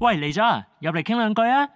喂，嚟咗啊，入嚟傾兩句啊！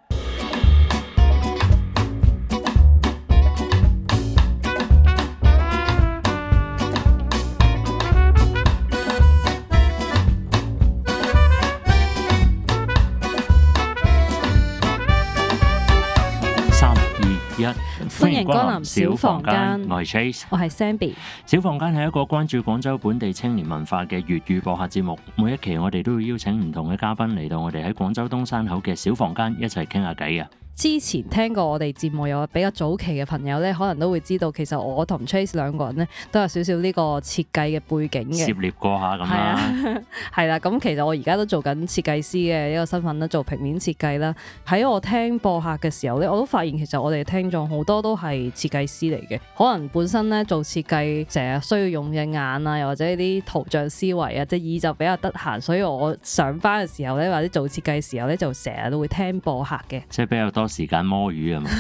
歡迎光南小房間，我係 Chase，我係 s a m b y。小房間係一個關注廣州本地青年文化嘅粵語播客節目，每一期我哋都會邀請唔同嘅嘉賓嚟到我哋喺廣州東山口嘅小房間一齊傾下偈啊！之前聽過我哋節目有比較早期嘅朋友咧，可能都會知道其實我同 Trace 兩個人呢，都有少少呢個設計嘅背景嘅，啊。涉獵過下咁啦，係啦。咁其實我而家都做緊設計師嘅一個身份啦，做平面設計啦。喺我聽播客嘅時候咧，我都發現其實我哋聽眾好多都係設計師嚟嘅，可能本身咧做設計成日需要用隻眼啊，又或者啲圖像思維啊，即係耳就比較得閒，所以我上班嘅時候咧或者做設計嘅時候咧就成日都會聽播客嘅，即係比較多。時間摸魚啊嘛，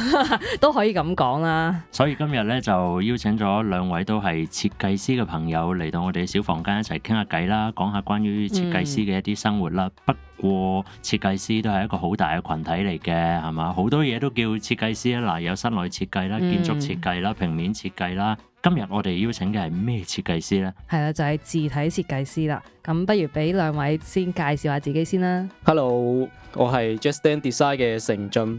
都可以咁講啦。所以今日咧就邀請咗兩位都係設計師嘅朋友嚟到我哋小房間一齊傾下偈啦，講下關於設計師嘅一啲生活啦。嗯、不過設計師都係一個好大嘅群體嚟嘅，係嘛？好多嘢都叫設計師啊。嗱，有室內設計啦、建築設計啦、平面設計啦。嗯、今日我哋邀請嘅係咩設計師呢？係啦，就係、是、字體設計師啦。咁不如俾兩位先介紹下自己先啦。Hello，我係 JUST THEN Design 嘅承駿。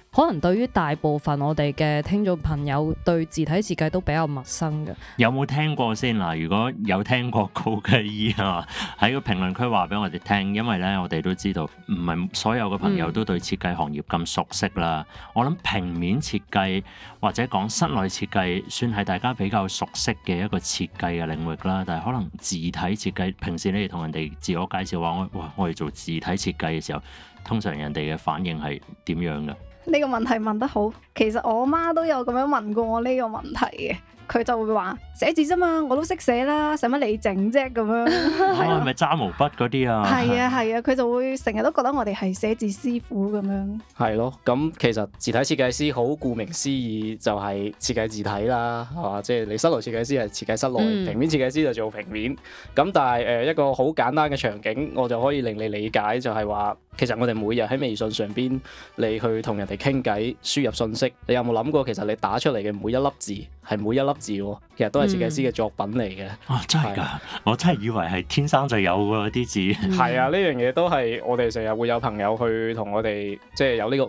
可能對於大部分我哋嘅聽眾朋友，對字體設計都比較陌生嘅。有冇聽過先嗱？如果有聽過嘅，依啊喺個評論區話俾我哋聽。因為咧，我哋都知道唔係所有嘅朋友都對設計行業咁熟悉啦。嗯、我諗平面設計或者講室內設計，算係大家比較熟悉嘅一個設計嘅領域啦。但係可能字體設計，平時你哋同人哋自我介紹話：我哇，我哋做字體設計嘅時候，通常人哋嘅反應係點樣嘅？呢個問題問得好。其實我媽都有咁樣問過我呢個問題嘅，佢就會話寫字啫嘛，我都識寫啦，使乜你整啫咁樣？係咪揸毛筆嗰啲啊？係啊係啊，佢、啊啊、就會成日都覺得我哋係寫字師傅咁樣。係咯，咁其實字體設計師好，顧名思義就係設計字體啦，係、啊、嘛？即係你室內設計師係設計室內，嗯、平面設計師就做平面。咁但係誒、呃、一個好簡單嘅場景，我就可以令你理解就係話，其實我哋每日喺微信上邊，你去同人哋傾偈輸入信息。你有冇諗過，其實你打出嚟嘅每一粒字，係每一粒字，其實都係設計師嘅作品嚟嘅。哦、嗯是啊，真係噶，我真係以為係天生就有嗰啲字。係、嗯、啊，呢樣嘢都係我哋成日會有朋友去同我哋，即係有呢個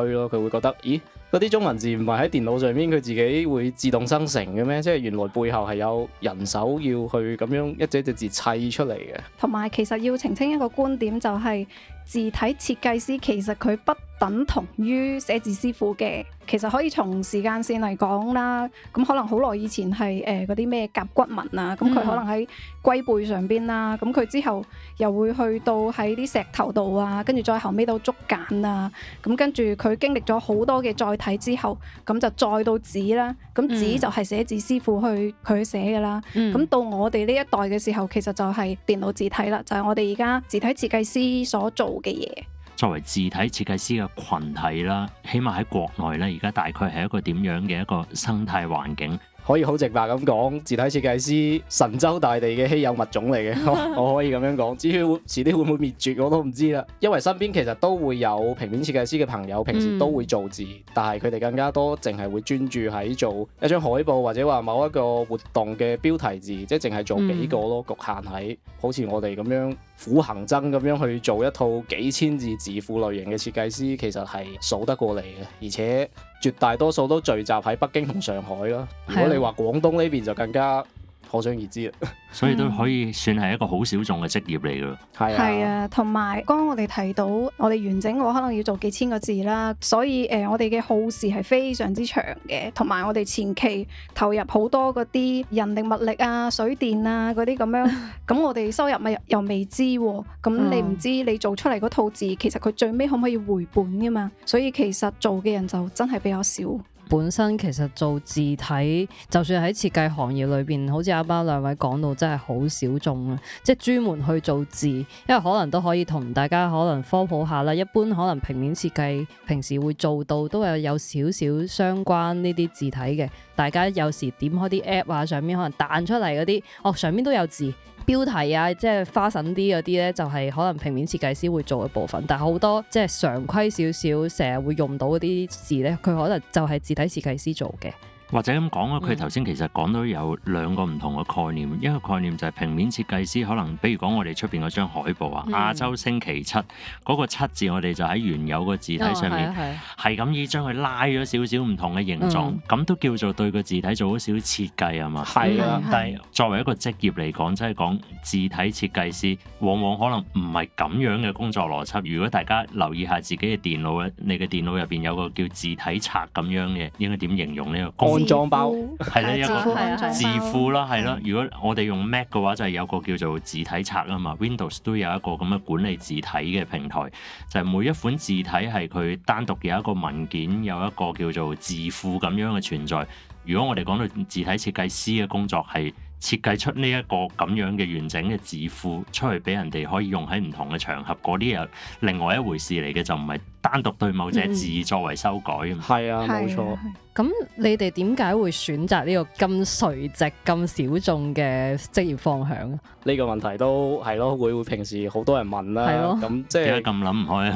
誤區咯。佢會覺得，咦，嗰啲中文字唔係喺電腦上面佢自己會自動生成嘅咩？即係原來背後係有人手要去咁樣一隻一隻字砌出嚟嘅。同埋，其實要澄清一個觀點就係、是。字體設計師其實佢不等同於寫字師傅嘅，其實可以從時間線嚟講啦，咁可能好耐以前係誒嗰啲咩甲骨文啊，咁佢可能喺龜背上邊啦，咁佢之後又會去到喺啲石頭度啊，跟住再後尾到竹簡啊，咁跟住佢經歷咗好多嘅載體之後，咁就再到紙啦，咁紙就係寫字師傅去佢寫㗎啦，咁、嗯、到我哋呢一代嘅時候，其實就係電腦字體啦，就係、是、我哋而家字體設計師所做。嘅嘢，作為字體設計師嘅群體啦，起碼喺國內呢，而家大概係一個點樣嘅一個生態環境？可以好直白咁講，字體設計師神州大地嘅稀有物種嚟嘅，我可以咁樣講。至於遲啲會唔會滅絕，我都唔知啦。因為身邊其實都會有平面設計師嘅朋友，平時都會做字，嗯、但係佢哋更加多，淨係會專注喺做一張海報或者話某一個活動嘅標題字，即係淨係做幾個咯，局限喺、嗯、好似我哋咁樣苦行僧咁樣去做一套幾千字字庫類型嘅設計師，其實係數得過嚟嘅，而且，絕大多數都聚集喺北京同上海啦。如果你話廣東呢邊就更加。可想而知啊，所以都可以算係一個好小眾嘅職業嚟噶咯。係啊，同埋剛剛我哋提到，我哋完整嘅話可能要做幾千個字啦，所以誒、呃、我哋嘅耗時係非常之長嘅，同埋我哋前期投入好多嗰啲人力物力啊、水電啊嗰啲咁樣，咁我哋收入咪又未知喎、啊，咁你唔知你做出嚟嗰套字其實佢最尾可唔可以回本噶嘛，所以其實做嘅人就真係比較少。本身其實做字體，就算喺設計行業裏邊，好似阿包兩位講到，真係好小眾啊！即係專門去做字，因為可能都可以同大家可能科普下啦。一般可能平面設計平時會做到，都係有少少相關呢啲字體嘅。大家有時點開啲 app 啊，上面可能彈出嚟嗰啲，哦，上面都有字。標題啊，即係花神啲嗰啲呢，就係、是、可能平面設計師會做嘅部分，但係好多即係常規少少，成日會用到嗰啲字呢，佢可能就係字體設計師做嘅。或者咁講，佢頭先其實講到有兩個唔同嘅概念，嗯、一個概念就係平面設計師，可能，比如講我哋出邊嗰張海報啊，嗯《亞洲星期七》嗰、那個七字，我哋就喺原有個字體上面，係咁以將佢拉咗少少唔同嘅形狀，咁都、嗯、叫做對個字體做好少少設計啊嘛。係啊，啊但係作為一個職業嚟講，即係講字體設計師往往可能唔係咁樣嘅工作邏輯。如果大家留意下自己嘅電腦，咧，你嘅電腦入邊有個叫字體冊咁樣嘅，應該點形容呢個？哦裝包係啦，自 一個字庫啦，係啦。如果我哋用 Mac 嘅話，就係、是、有個叫做字體冊啊嘛。Windows 都有一個咁嘅管理字體嘅平台，就係、是、每一款字體係佢單獨有一個文件，有一個叫做字庫咁樣嘅存在。如果我哋講到字體設計師嘅工作，係設計出呢一個咁樣嘅完整嘅字庫出去俾人哋可以用喺唔同嘅場合，嗰啲又另外一回事嚟嘅，就唔係。單獨對某隻字作為修改 啊嘛，係啊冇錯。咁 你哋點解會選擇呢個咁垂直、咁小眾嘅職業方向啊？呢個問題都係咯，會會平時好多人問啦。係咯、哦，咁即係咁諗唔開咧？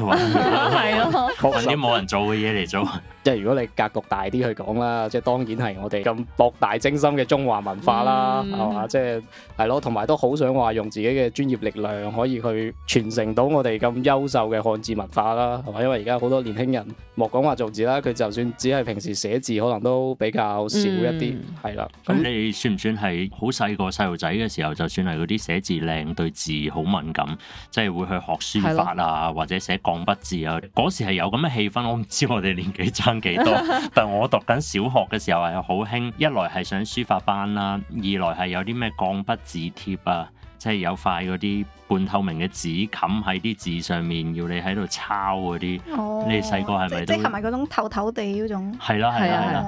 係咯，確實冇人做嘅嘢嚟做。 即係如果你格局大啲去講啦，即係當然係我哋咁博大精深嘅中華文化啦，係嘛、嗯？即係係咯，同埋都好想話用自己嘅專業力量可以去傳承到我哋咁優秀嘅漢字文化啦，係咪？而家好多年輕人，莫講話造字啦，佢就算只係平時寫字，可能都比較少一啲，係啦、嗯。咁了你算唔算係好細個細路仔嘅時候，就算係嗰啲寫字靚，對字好敏感，即係會去學書法啊，或者寫鋼筆字啊？嗰的時係有咁嘅氣氛，我唔知我哋年紀爭幾多， 但係我讀緊小學嘅時候係好興，一來係上書法班啦、啊，二來係有啲咩鋼筆字帖啊。即係有塊嗰啲半透明嘅紙冚喺啲字上面，要你喺度抄嗰啲。哦、你哋細個係咪即係係咪嗰種透透地嗰種？係啦係啦係啦。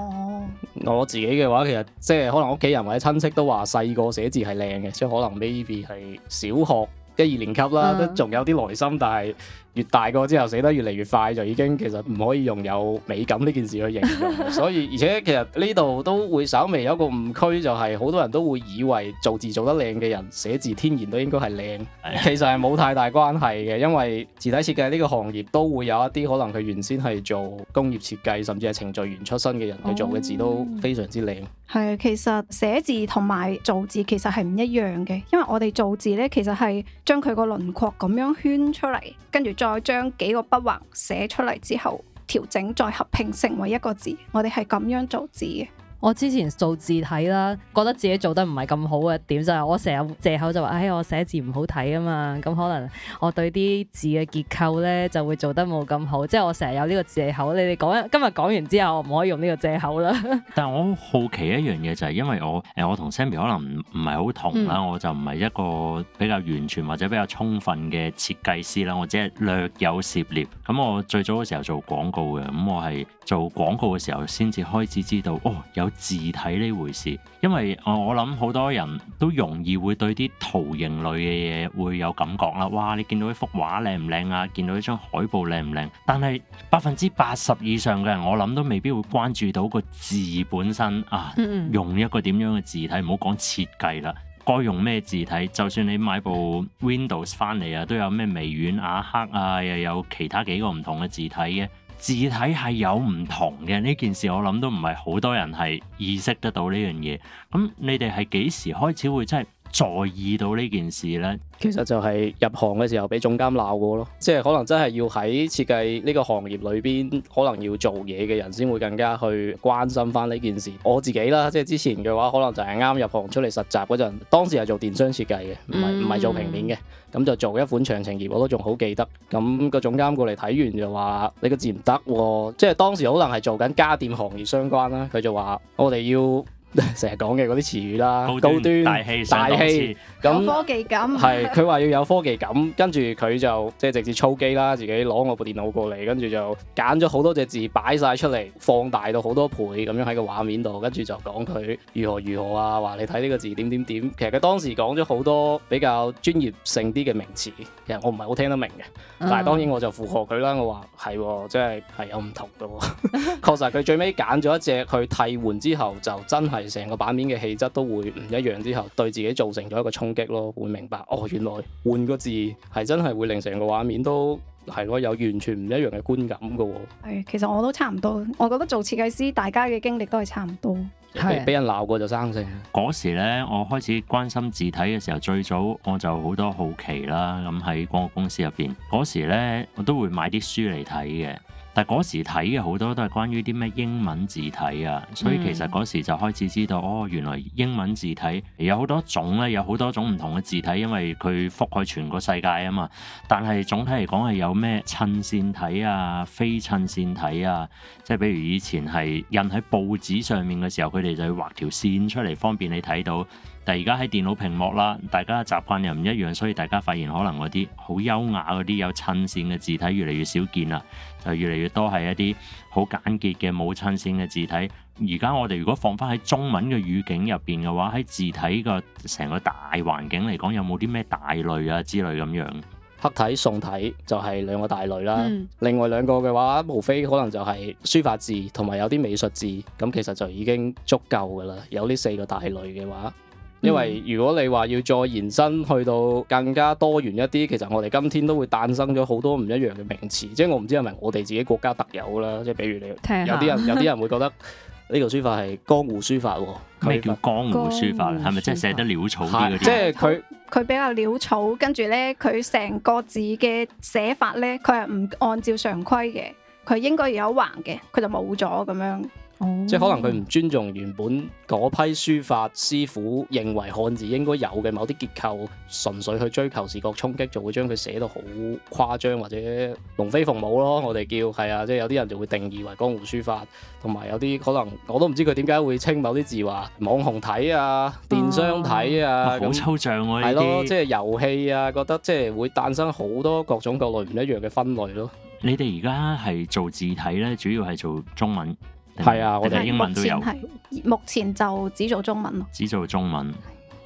我自己嘅話，其實即係可能屋企人或者親戚都話細個寫字係靚嘅，即係可能 maybe 係小學一二年級啦，都仲有啲耐心，嗯、但係。越大個之後寫得越嚟越快，就已經其實唔可以用有美感呢件事去形容。 所以而且其實呢度都會稍微有一個誤區，就係、是、好多人都會以為做字做得靚嘅人寫字天然都應該係靚， 其實係冇太大關係嘅。因為字體設計呢個行業都會有一啲可能佢原先係做工業設計，甚至係程序員出身嘅人，去做嘅字都非常之靚。係、哦、其實寫字同埋做字其實係唔一樣嘅，因為我哋做字呢，其實係將佢個輪廓咁樣圈出嚟，跟住再將幾個筆畫寫出嚟之後，調整再合併成為一個字，我哋係咁樣造字嘅。我之前做字體啦，覺得自己做得唔係咁好嘅點就係我成日借口就話，唉、哎，我寫字唔好睇啊嘛。咁可能我對啲字嘅結構咧就會做得冇咁好，即係我成日有呢個借口。你哋講今日講完之後，我唔可以用呢個借口啦。 但係我好奇一樣嘢就係、是、因為我誒我同 Sammy 可能唔唔係好同啦，嗯、我就唔係一個比較完全或者比較充分嘅設計師啦，我只係略有涉獵。咁我最早嘅時候做廣告嘅，咁我係做廣告嘅時候先至開始知道，哦，有。字體呢回事，因為我諗好多人都容易會對啲圖形類嘅嘢會有感覺啦。哇！你見到一幅畫靚唔靚啊？見到一張海報靚唔靚？但係百分之八十以上嘅人，我諗都未必會關注到個字本身啊。嗯嗯，用一個點樣嘅字體，唔好講設計啦。該用咩字體？就算你買部 Windows 翻嚟啊，都有咩微軟雅黑啊，又有其他幾個唔同嘅字體嘅。字體係有唔同嘅呢件事，我諗都唔係好多人係意識得到呢樣嘢。咁，嗯，你哋係幾時開始會真係在意到呢件事呢，其實就係入行嘅時候俾總監鬧過咯，即係可能真係要喺設計呢個行業裏邊，可能要做嘢嘅人先會更加去關心翻呢件事。我自己啦，即係之前嘅話，可能就係啱入行出嚟實習嗰陣，當時係做電商設計嘅，唔係唔係做平面嘅，咁、嗯、就做一款詳情頁，我都仲好記得。咁，個總監過嚟睇完就話：你個字唔得，啊，即係當時可能係做緊家電行業相關啦。佢就話：我哋要成日講嘅嗰啲詞語啦，高端、高端大氣、大氣咁科技感，係佢話要有科技感，跟住佢就即係直接操機啦，自己攞我部電腦過嚟，跟住就揀咗好多隻字擺晒出嚟，放大到好多倍咁樣喺個畫面度，跟住就講佢如何如何啊，話你睇呢個字點點點。其實佢當時講咗好多比較專業性啲嘅名詞，其實我唔係好聽得明嘅，但係當然我就附和佢啦，我話係，即係係有唔同嘅喎， 確實佢最尾揀咗一隻去替換之後，就真係，成個版面嘅氣質都會唔一樣，之後對自己造成咗一個衝擊咯，會明白哦，原來換個字係真係會令成個畫面都係咯，有完全唔一樣嘅觀感㗎喎、哦。係，其實我都差唔多，我覺得做設計師大家嘅經歷都係差唔多。係俾的人鬧過就生性。嗰時咧，我開始關心字體嘅時候，最早我就好多好奇啦。咁喺廣告公司入邊，嗰時咧我都會買啲書嚟睇嘅。但嗰時睇嘅好多都係關於啲咩英文字體啊，所以其實嗰時就開始知道、嗯、哦，原來英文字體有好多種咧，有好多種唔同嘅字體，因為佢覆蓋全個世界啊嘛。但係總體嚟講係有咩襯線體啊、非襯線體啊，即係比如以前係印喺報紙上面嘅時候，佢哋就要畫條線出嚟方便你睇到。但係而家喺電腦屏幕啦，大家習慣又唔一樣，所以大家發現可能嗰啲好優雅嗰啲有襯線嘅字體越嚟越少見啦。就越嚟越多係一啲好簡潔嘅母親線嘅字體。而家我哋如果放翻喺中文嘅語境入邊嘅話，喺字體個成個大環境嚟講，有冇啲咩大類啊之類咁樣？黑體、宋體就係兩個大類啦。嗯，另外兩個嘅話，無非可能就係書法字同埋有啲美術字。咁其實就已經足夠噶啦。有呢四個大類嘅話。因為如果你話要再延伸去到更加多元一啲，其實我哋今天都會誕生咗好多唔一樣嘅名詞。即係我唔知係咪我哋自己國家特有啦。即係比如你，聽有啲人有啲人會覺得呢個書法係江湖書法。咩 法叫江湖書法？係咪即係寫得潦草啲嗰啲？即係佢佢比較潦草，跟住咧佢成個字嘅寫法咧，佢係唔按照常規嘅，佢應該有橫嘅，佢就冇咗咁樣。即係可能佢唔尊重原本嗰批書法師傅認為漢字應該有嘅某啲結構，純粹去追求視覺衝擊，就會將佢寫到好誇張或者龍飛鳳舞咯。我哋叫係啊，即係有啲人就會定義為江湖書法，同埋有啲可能我都唔知佢點解會稱某啲字話網紅體啊、電商體啊好抽、啊那啊、象喎、啊，係那咯，即係遊戲啊，覺得即係會誕生好多各種各類唔一樣嘅分類咯。你哋而家係做字體咧，主要係做中文。.係啊，我哋英文都有。目前就只做中文咯。只做中文。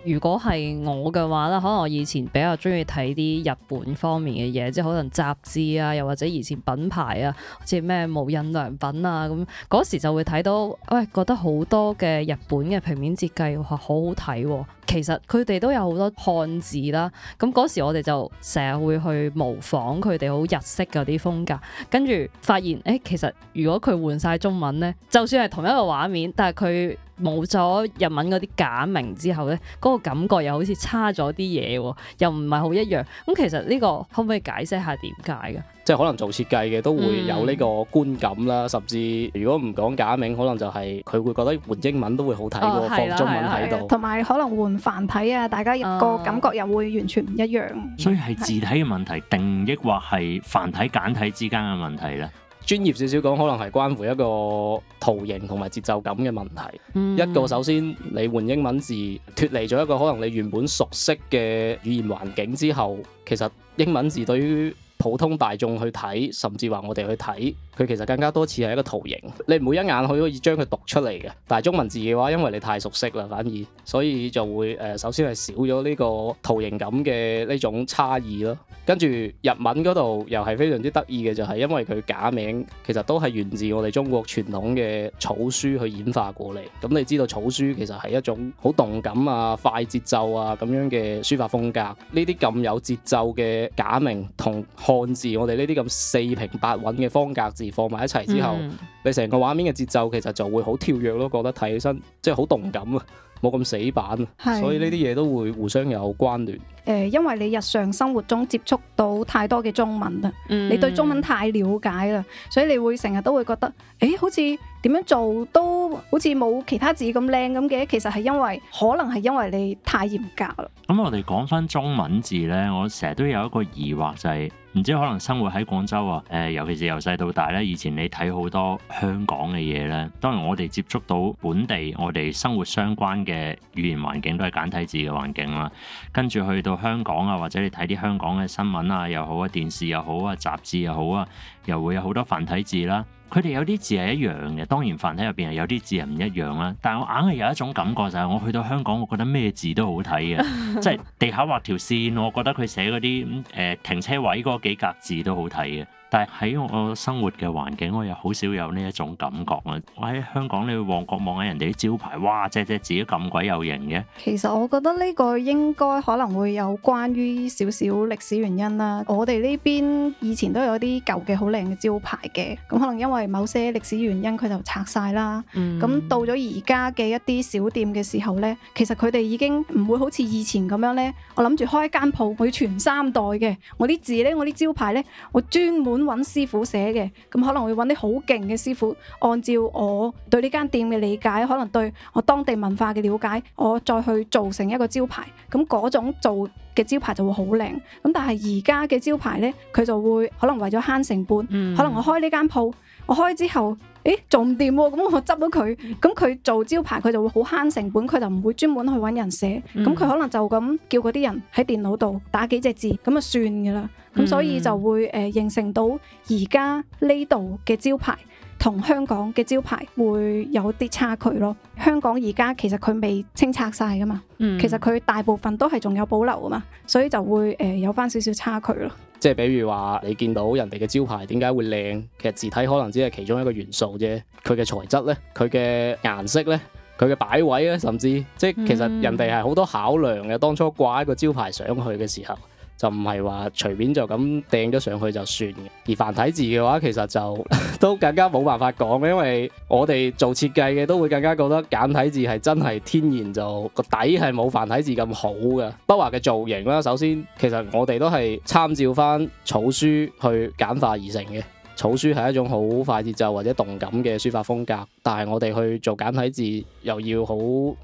如果係我嘅話啦，可能我以前比較中意睇啲日本方面嘅嘢，即係可能雜誌啊，又或者以前品牌啊，好似咩無印良品啊咁，嗰時就會睇到，喂、哎，覺得好多嘅日本嘅平面設計好好睇，啊。其實佢哋都有好多漢字啦，咁嗰時我哋就成日會去模仿佢哋好日式嗰啲風格，跟住發現，誒、欸，其實如果佢換晒中文咧，就算係同一個畫面，但係佢。冇咗日文嗰啲假名之後呢嗰、嗰個感覺又好似差咗啲嘢喎，又唔係好一樣。咁其實呢、呢個可唔可以解釋下點解嘅？即係可能做設計嘅都會有呢個觀感啦，嗯、甚至如果唔講假名，可能就係佢會覺得換英文都會好睇喎。放中文喺度、啊，同埋、啊啊、可能換繁體啊，大家個感覺、啊、又會完全唔一樣。所以係字體嘅問題，定抑或係繁體簡體之間嘅問題呢？專業少少講，可能係關乎一個圖形同埋節奏感嘅問題。嗯、一個首先，你換英文字，脫離咗一個可能你原本熟悉嘅語言環境之後，其實英文字對於普通大眾去睇，甚至話我哋去睇。佢其實更加多似係一個圖形，你唔會一眼可以將佢讀出嚟嘅。但係中文字嘅話，因為你太熟悉啦，反而所以就會誒、呃，首先係少咗呢個圖形感嘅呢種差異咯。跟住日文嗰度又係非常之得意嘅，就係、是、因為佢假名其實都係源自我哋中國傳統嘅草書去演化過嚟。咁你知道草書其實係一種好動感啊、快節奏啊咁樣嘅書法風格。呢啲咁有節奏嘅假名同漢字，我哋呢啲咁四平八穩嘅方格字，放埋一齊之後，嗯、你成個畫面嘅節奏其實就會好跳躍咯，覺得睇起身即係好動感啊，冇咁死板啊，是所以呢啲嘢都會互相有關聯。誒、呃，因為你日常生活中接觸到太多嘅中文啦，嗯、你對中文太了解啦，所以你會成日都會覺得，誒、欸，好似。點樣做都好似冇其他字咁靚咁嘅，其實係因為可能係因為你太嚴格啦。咁、嗯、我哋講翻中文字呢，我成日都有一個疑惑就係、是，唔知可能生活喺廣州啊，誒、呃，尤其是由細到大呢。以前你睇好多香港嘅嘢呢，當然我哋接觸到本地我哋生活相關嘅語言環境都係簡體字嘅環境啦，跟住去到香港啊，或者你睇啲香港嘅新聞啊又好啊，電視又好啊，雜誌又好啊，又會有好多繁體字啦。佢哋有啲字係一樣嘅，當然繁體入邊係有啲字係唔一樣啦。但係我硬係有一種感覺就係我去到香港，我覺得咩字都好睇嘅，即係地下畫條線，我覺得佢寫嗰啲誒停車位嗰幾格字都好睇嘅。但係喺我生活嘅環境，我又好少有呢一種感覺啊！我喺香港你會，旺角望緊人哋啲招牌，哇，隻隻字都咁鬼有型嘅。其實我覺得呢個應該可能會有關於少少歷史原因啦。我哋呢邊以前都有啲舊嘅好靚嘅招牌嘅，咁可能因為某些歷史原因，佢就拆晒啦。咁、嗯、到咗而家嘅一啲小店嘅時候呢，其實佢哋已經唔會好似以前咁樣呢。我諗住開間鋪，我要傳三代嘅，我啲字呢，我啲招牌呢，我專門，揾師傅寫嘅，咁可能會揾啲好勁嘅師傅，按照我對呢間店嘅理解，可能對我當地文化嘅了解，我再去做成一個招牌，咁嗰種做嘅招牌就會好靚。咁但係而家嘅招牌呢，佢就會可能為咗慳成本，嗯、可能我開呢間鋪，我開之後。咦、欸，做唔掂喎、啊，咁我執到佢，咁佢做招牌佢就會好慳成本，佢就唔會專門去揾人寫，咁佢、嗯、可能就咁叫嗰啲人喺電腦度打幾隻字，咁就算噶啦，咁所以就會誒、呃、形成到而家呢度嘅招牌同香港嘅招牌會有啲差距咯。香港而家其實佢未清拆晒噶嘛，嗯、其實佢大部分都係仲有保留啊嘛，所以就會誒、呃、有翻少少差距咯。即係比如話，你見到人哋嘅招牌點解會靚？其實字體可能只係其中一個元素啫。佢嘅材質呢？佢嘅顏色呢？佢嘅擺位呢？甚至即係其實人哋係好多考量嘅。當初掛一個招牌上去嘅時候。就唔係話隨便就咁掟咗上去就算嘅，而繁體字嘅話，其實就 都更加冇辦法講，因為我哋做設計嘅都會更加覺得簡體字係真係天然就個底係冇繁體字咁好嘅。筆畫嘅造型啦，首先其實我哋都係參照返草書去簡化而成嘅，草書係一種好快節奏或者動感嘅書法風格。但係我哋去做簡體字，又要好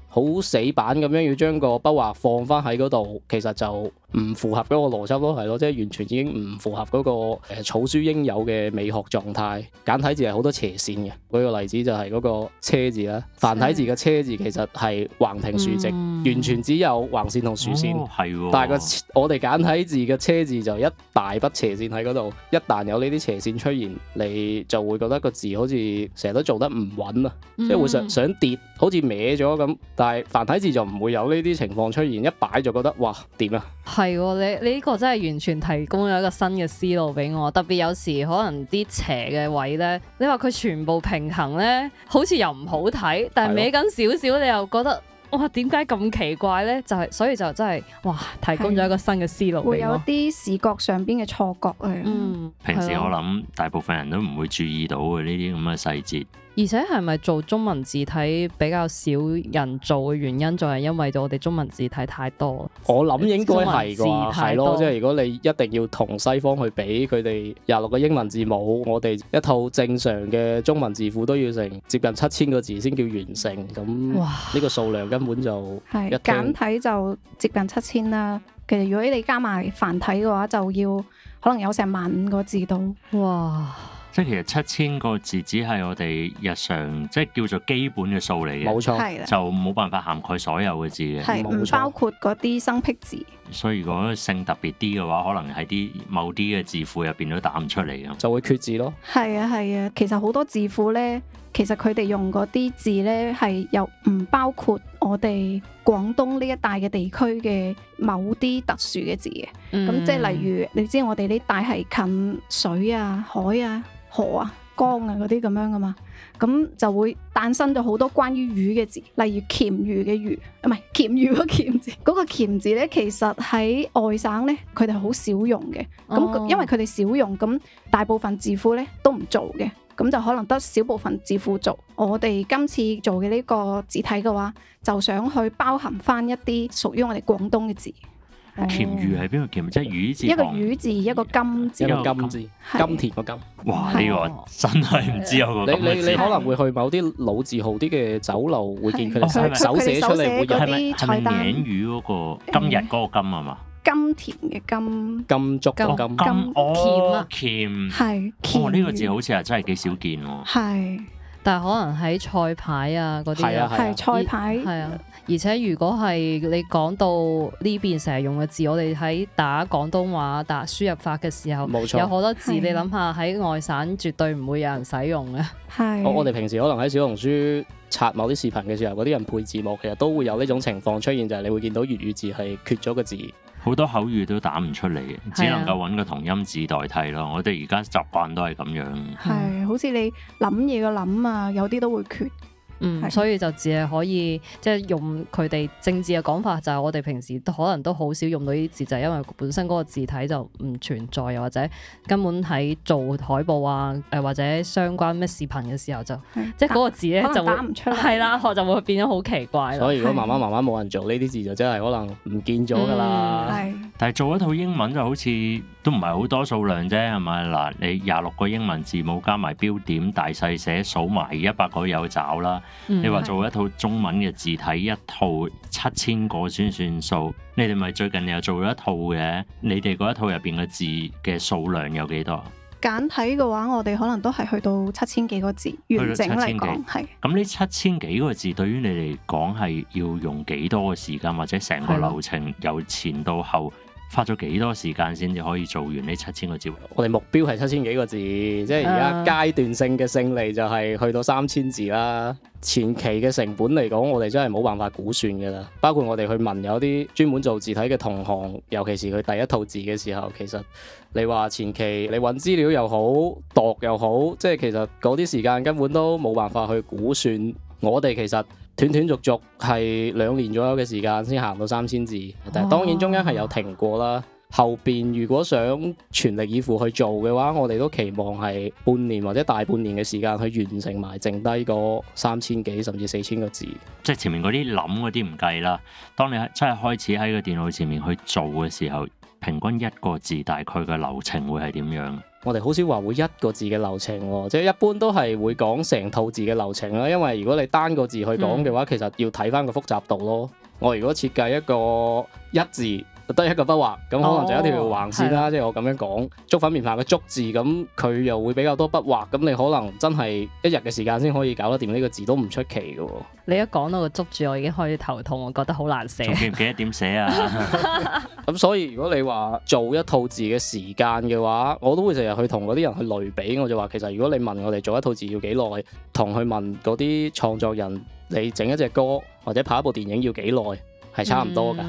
好死板咁樣要將個筆畫放翻喺嗰度，其實就唔符合嗰個邏輯咯，係咯，即係完全已經唔符合嗰個誒草書應有嘅美學狀態。簡體字係好多斜線嘅，舉個例子就係嗰個車字啦。繁體字嘅車字其實係橫平豎直，嗯、完全只有橫線同豎線。哦、但係、個我哋簡體字嘅車字就一大筆斜線喺嗰度，一旦有呢啲斜線出現，你就會覺得個字好似成日都做得唔穩。嗯，即係會想想跌，好似歪咗咁。但係繁體字就唔會有呢啲情況出現，一擺就覺得哇，點啊！係你你呢個真係完全提供咗一個新嘅思路俾我。特別有時可能啲斜嘅位咧，你話佢全部平衡咧，好似又唔好睇，但係歪緊少少，你又覺得哇，點解咁奇怪咧？就係所以就真係哇，提供咗一個新嘅思路。會有啲視覺上邊嘅錯覺啊。嗯，平時的我諗大部分人都唔會注意到嘅呢啲咁嘅細節。這而且係咪做中文字體比較少人做嘅原因，就係因為我哋中文字體太多。我諗應該係㗎，字太多。即係如果你一定要同西方去比，佢哋廿六個英文字母，我哋一套正常嘅中文字庫都要成接近七千個字先叫完成。咁呢個數量根本就係哇簡體就接近七千啦。其實如果你加埋繁體嘅話，就要可能有成萬五個字到。哇！即係其實七千個字只係我哋日常即係叫做基本嘅數嚟嘅。冇錯錯，的就冇辦法涵蓋所有嘅字嘅，係唔是錯包括嗰啲生僻字。所以如果性特別啲嘅話，可能喺啲某啲嘅字庫入邊都打唔出嚟嘅，就會缺字咯。係啊係啊，其實好多字庫咧。其實佢哋用嗰啲字呢，係又唔包括我哋廣東呢一帶嘅地區嘅某啲特殊嘅字嘅。咁、嗯、即係例如，你知我哋呢帶係近水啊、海啊、河啊、江啊嗰啲咁樣噶嘛，咁就會誕生咗好多關於魚嘅字，例如鯖魚嘅魚，唔係鯖魚個鯖字。嗰個鯖字呢，其實喺外省呢，佢哋好少用嘅。咁、嗰個哦、因為佢哋少用，咁大部分字庫呢都唔做嘅。咁就可能得少部分字庫做，我哋今次做嘅呢個字體嘅話，就想去包含返一啲屬於我哋廣東嘅字。鯖魚係邊個鯖？即係魚字。一個魚字，一個金字。一個金字，金田個金。哇！呢個真係唔知有個。你你你可能會去某啲老字號啲嘅酒樓，會見佢哋手寫出嚟，會有係咪係咪鰻魚嗰個今日嗰個金係嘛？甘甜嘅甘，甘竹嘅甘，金鉛啦，鉛係，哦，呢個字好似係真係幾少見喎。係，但係可能喺菜牌啊嗰啲，係菜牌係啊。而且如果係你講到呢邊成日用嘅字，我哋喺打廣東話打輸入法嘅時候，冇錯，有好多字你諗下喺外省絕對唔會有人使用嘅。係，我我哋平時可能喺小紅書刷某啲視頻嘅時候，嗰啲人配字幕其實都會有呢種情況出現，就係你會見到粵語字係缺咗個字。好多口語都打唔出嚟嘅，只能夠揾個同音字代替咯。是啊、我哋而家習慣都係咁樣。係，好似你諗嘢個諗啊，有啲都會缺。嗯，所以就只係可以即係用佢哋政治嘅講法，就係、是、我哋平時都可能都好少用到呢啲字，就係因為本身嗰個字體就唔存在，又或者根本喺做海報啊，誒、呃、或者相關咩視頻嘅時候就、嗯、即係嗰個字咧就打唔出，就會係啦，我就會變咗好奇怪。所以如果慢慢慢慢冇人做呢啲字，就真係可能唔見咗噶啦。係、嗯，但係做一套英文就好似都唔係好多數量啫，係咪？嗱，你廿六個英文字母加埋標點大細寫數埋一百個有找啦。嗯，你話做一套中文嘅字體，一套七千個先算，算數。你哋咪最近又做咗一套嘅？你哋嗰一套入邊嘅字嘅數量有幾多？簡體嘅話，我哋可能都係去到七千幾個字。完整嚟講，係。咁呢是七千幾個字對於你嚟講係要用幾多嘅時間，或者成個流程的由前到後？花咗幾多時間先至可以做完呢七千個字？我哋目標係七千幾個字，即係而家階段性嘅勝利就係去到三千字啦。前期嘅成本嚟講，我哋真係冇辦法估算嘅啦。包括我哋去問有啲專門做字體嘅同行，尤其是佢第一套字嘅時候，其實你話前期你揾資料又好，度又好，即係其實嗰啲時間根本都冇辦法去估算。我哋其實。斷斷續續係兩年左右嘅時間先行到三千字，但係當然中間係有停過啦。後邊如果想全力以赴去做嘅話，我哋都期望係半年或者大半年嘅時間去完成埋剩低嗰三千幾甚至四千個字。即係前面嗰啲諗嗰啲唔計啦。當你真係開始喺個電腦前面去做嘅時候。平均一個字大概嘅流程會係點樣？我哋好少話會一個字嘅流程喎，即、就是、一般都係會講成套字嘅流程啦。因為如果你單個字去講嘅話，嗯、其實要睇返個複雜度咯。我如果設計一個一字，得一個筆畫，咁可能就一條,條橫線啦。哦、即係我咁樣講，粥粉麵飯嘅粥字，咁佢又會比較多筆畫。咁你可能真係一日嘅時間先可以搞得掂呢個字，都唔出奇嘅。你一講到個粥字，我已經開始頭痛，我覺得好難寫。仲記唔記得點寫啊？咁 所以如果你話做一套字嘅時間嘅話，我都會成日去同嗰啲人去類比。我就話其實如果你問我哋做一套字要幾耐，同去問嗰啲創作人你，你整一隻歌或者拍一部電影要幾耐。係差唔多噶，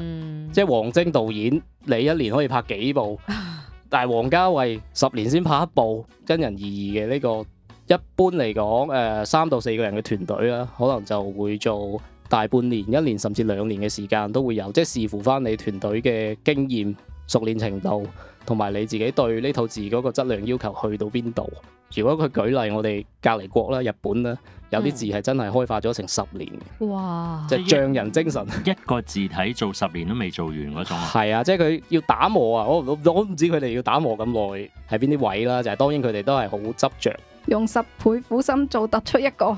即係王晶導演，你一年可以拍幾部？但係王家衛十年先拍一部，因人而異嘅呢個。一般嚟講，誒、呃、三到四個人嘅團隊啦，可能就會做大半年、一年甚至兩年嘅時間都會有，即係視乎翻你團隊嘅經驗、熟練程度。同埋你自己對呢套字嗰個質量要求去到邊度？如果佢舉例，我哋隔離國啦、日本啦，有啲字係真係開發咗成十年嘅，哇、嗯！即係匠人精神一，一個字體做十年都未做完嗰種啊，係啊，即係佢要打磨啊，我我我唔知佢哋要打磨咁耐喺邊啲位啦，就係、係、當然佢哋都係好執着，用十倍苦心做突出一個，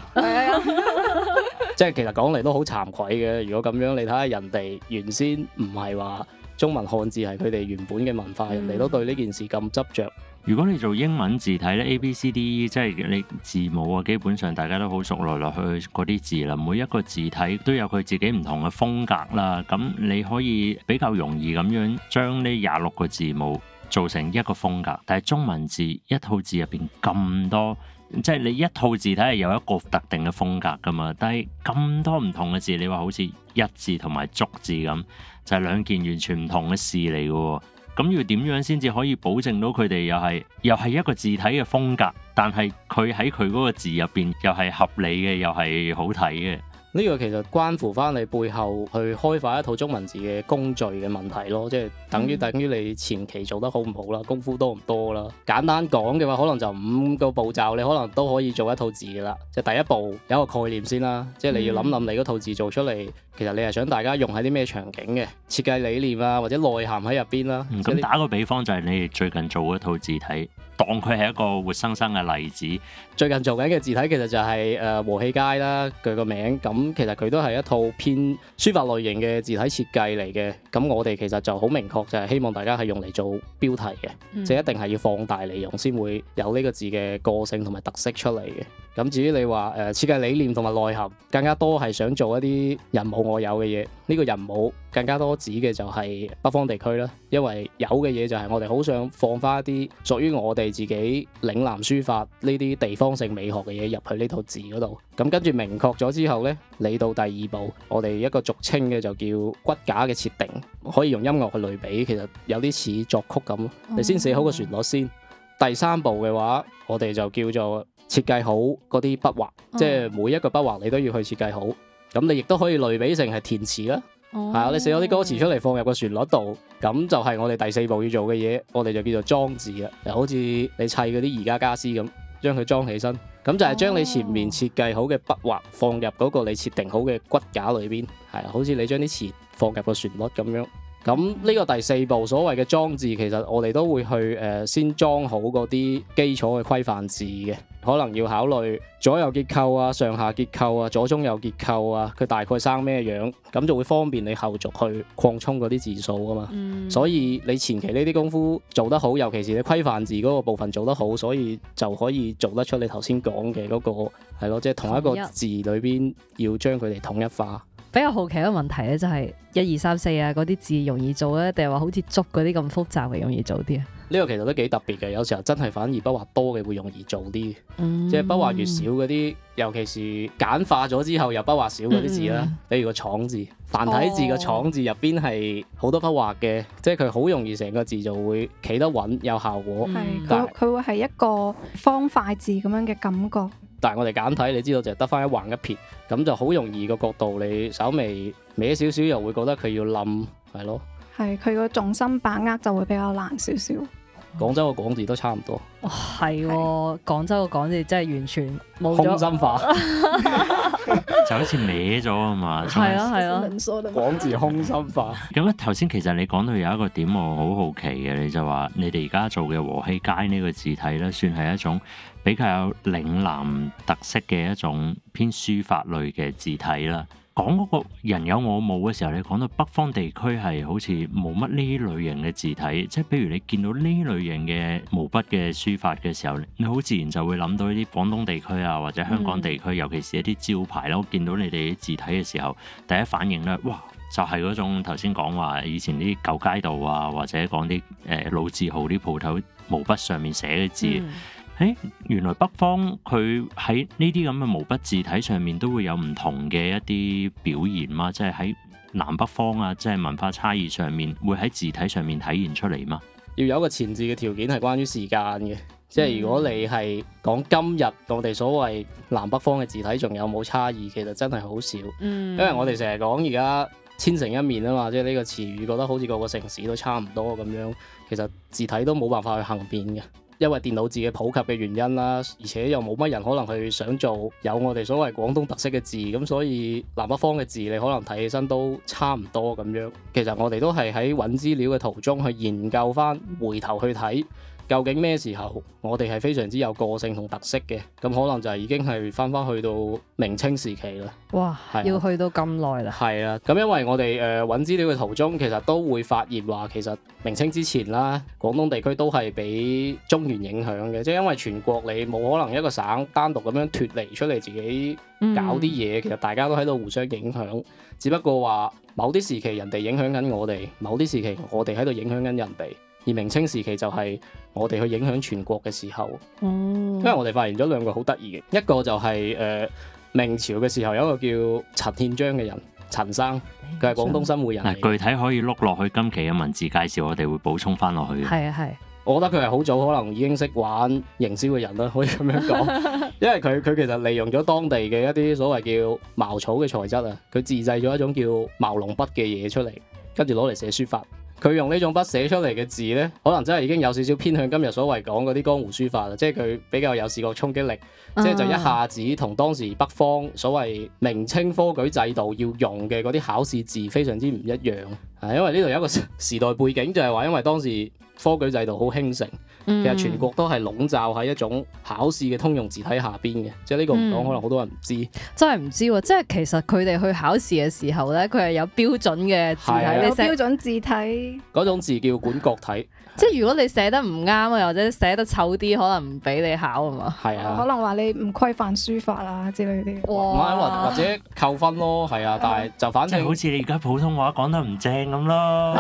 即係 其實講嚟都好慚愧嘅。如果咁樣，你睇下人哋原先唔係話。中文漢字係佢哋原本嘅文化，人哋都對呢件事咁執着。如果你做英文字體呢 A B C D E，即係你字母啊，基本上大家都好熟，來來去去嗰啲字啦。每一個字體都有佢自己唔同嘅風格啦。咁你可以比較容易咁樣將呢廿六個字母做成一個風格。但係中文字一套字入邊咁多。即係你一套字體係有一個特定嘅風格㗎嘛，但係咁多唔同嘅字，你話好似一字同埋足字咁，就係兩件完全唔同嘅事嚟嘅喎。咁要點樣先至可以保證到佢哋又係又係一個字體嘅風格，但係佢喺佢嗰個字入邊又係合理嘅，又係好睇嘅。呢個其實關乎翻你背後去開發一套中文字嘅工序嘅問題咯，即係等於等於你前期做得好唔好啦，功夫多唔多啦。簡單講嘅話，可能就五個步驟，你可能都可以做一套字噶啦。即係第一步有一個概念先啦，即係你要諗諗你嗰套字做出嚟，其實你係想大家用喺啲咩場景嘅設計理念啊，或者內涵喺入邊啦。咁、嗯、打個比方就係你哋最近做嗰套字體。當佢係一個活生生嘅例子。最近做緊嘅字體其實就係誒和氣楷啦，佢個名咁，其實佢都係一套偏書法類型嘅字體設計嚟嘅。咁我哋其實就好明確，就係希望大家係用嚟做標題嘅，即係、嗯、一定係要放大嚟用先會有呢個字嘅個性同埋特色出嚟嘅。至於你話誒、呃、設計理念同埋內涵更加多係想做一啲人冇我有嘅嘢。呢、呢個人冇更加多指嘅就係北方地區啦，因為有嘅嘢就係我哋好想放返一啲屬於我哋自己嶺南書法呢啲地方性美學嘅嘢入去呢套字嗰度。咁、嗯、跟住明確咗之後呢，嚟到第二步，我哋一個俗稱嘅就叫骨架嘅設定，可以用音樂去類比，其實有啲似作曲咁。嗯、你先寫好個旋律先。第三步嘅話，我哋就叫做，設計好嗰啲筆畫，即係每一個筆畫你都要去設計好。咁你亦都可以類比成係填詞啦，係啊、oh，你寫咗啲歌詞出嚟放入個旋律度，咁就係我哋第四步要做嘅嘢，我哋就叫做裝字啦，又好似你砌嗰啲宜家家私咁，將佢裝起身，咁就係將你前面設計好嘅筆畫放入嗰個你設定好嘅骨架裏邊，係啊，好似你將啲詞放入個旋律咁樣。咁呢個第四步所謂嘅裝置，其實我哋都會去、呃、先裝好嗰啲基礎嘅規範字嘅，可能要考慮左右結構啊、上下結構啊、左中右結構啊，佢大概生咩樣，咁就會方便你後續去擴充嗰啲字數啊嘛。嗯、所以你前期呢啲功夫做得好，尤其是你規範字嗰個部分做得好，所以就可以做得出你頭先講嘅嗰個係咯，即係、就是、同一個字裏邊要將佢哋統一化。比較好奇嘅問題咧，就係一二三四啊，嗰啲字容易做咧，定係話好似竹嗰啲咁複雜嘅容易做啲啊？呢個其實都幾特別嘅，有時候真係反而筆畫多嘅會容易做啲，嗯、即係筆畫越少嗰啲，尤其是簡化咗之後又筆畫少嗰啲字啦。嗯、比如個廠字，繁體字個廠字入邊係好多筆畫嘅，哦、即係佢好容易成個字就會企得穩有效果。係是，佢佢但會係一個方塊字咁樣嘅感覺。但係我哋簡體，你知道就係得返一橫一撇，咁就好容易個角度，你稍微歪少少又會覺得佢要冧，係咯。係佢個重心把握就會比較難少少。廣州個廣字都差唔多。係、哦，廣、哦、廣州個廣字真係完全冇空心化， 就好似歪咗啊嘛。係啊係啊。廣字空心化。咁啊， 頭 先其實你講到有一個點我好好奇嘅，你就話你哋而家做嘅和氣楷呢個字體咧，算係一種。比較有嶺南特色嘅一種偏書法類嘅字體啦。講嗰個人有我冇嘅時候，你講到北方地區係好似冇乜呢類型嘅字體，即係譬如你見到呢類型嘅毛筆嘅書法嘅時候，你好自然就會諗到呢啲廣東地區啊，或者香港地區，尤其是一啲招牌咯。我見到你哋啲字體嘅時候，第一反應咧，哇，就係、是、嗰種頭先講話以前啲舊街道啊，或者講啲誒、呃、老字號啲鋪頭毛筆上面寫嘅字。嗯誒，原來北方佢喺呢啲咁嘅毛筆字體上面都會有唔同嘅一啲表現嘛，即係喺南北方啊，即係文化差異上面會喺字體上面體現出嚟嘛。要有一個前置嘅條件係關於時間嘅，即係如果你係講今日我哋所謂南北方嘅字體仲有冇差異，其實真係好少。嗯，因為我哋成日講而家千城一面啊嘛，即係呢個詞語覺得好似個個城市都差唔多咁樣，其實字體都冇辦法去行變嘅。因為電腦字嘅普及嘅原因啦，而且又冇乜人可能去想做有我哋所謂廣東特色嘅字，咁所以南北方嘅字你可能睇起身都差唔多咁樣。其實我哋都係喺揾資料嘅途中去研究返，回頭去睇。究竟咩時候，我哋係非常之有個性同特色嘅，咁可能就已經係返返去到明清時期啦。哇，係嘅，要去到咁耐啦。係啊，咁因為我哋誒揾資料嘅途中，其實都會發現話，其實明清之前啦，廣東地區都係俾中原影響嘅，即係因為全國你冇可能一個省單獨咁樣脫離出嚟自己搞啲嘢，嗯，其實大家都喺度互相影響，只不過話某啲時期人哋影響緊我哋，某啲時期我哋喺度影響緊人哋。而明清時期就係我哋去影響全國嘅時候，嗯、因為我哋發現咗兩個好得意嘅，一個就係、是、誒、呃、明朝嘅時候有一個叫陳獻章嘅人，陳生，佢係名廣東新會人。具體可以碌落去今期嘅文字介紹，我哋會補充翻落去嘅。係啊，係。我覺得佢係好早可能已經識玩營銷嘅人啦，可以咁樣講， 因為佢佢其實利用咗當地嘅一啲所謂叫茅草嘅材質啊，佢自製咗一種叫茅龍筆嘅嘢出嚟，跟住攞嚟寫書法。佢用呢種筆寫出嚟嘅字咧，可能真係已經有少少偏向今日所謂講嗰啲江湖書法啦，即係佢比較有視覺衝擊力，即係就一下子同當時北方所謂明清科舉制度要用嘅嗰啲考試字非常之唔一樣。因為呢度有一個時代背景，就係話因為當時科舉制度好興盛。其實全國都係籠罩喺一種考試嘅通用字體下邊嘅，即係呢個唔講，可能好多人唔知。真係唔知喎，即係其實佢哋去考試嘅時候咧，佢係有標準嘅字體，你寫標準字體。嗰種字叫館閣體。即係如果你寫得唔啱啊，或者寫得醜啲，可能唔俾你考吖嘛。係啊。可能話你唔規範書法啊之類啲。哇！或者扣分咯，係啊，但係就反正好似你而家普通話講得唔正咁咯。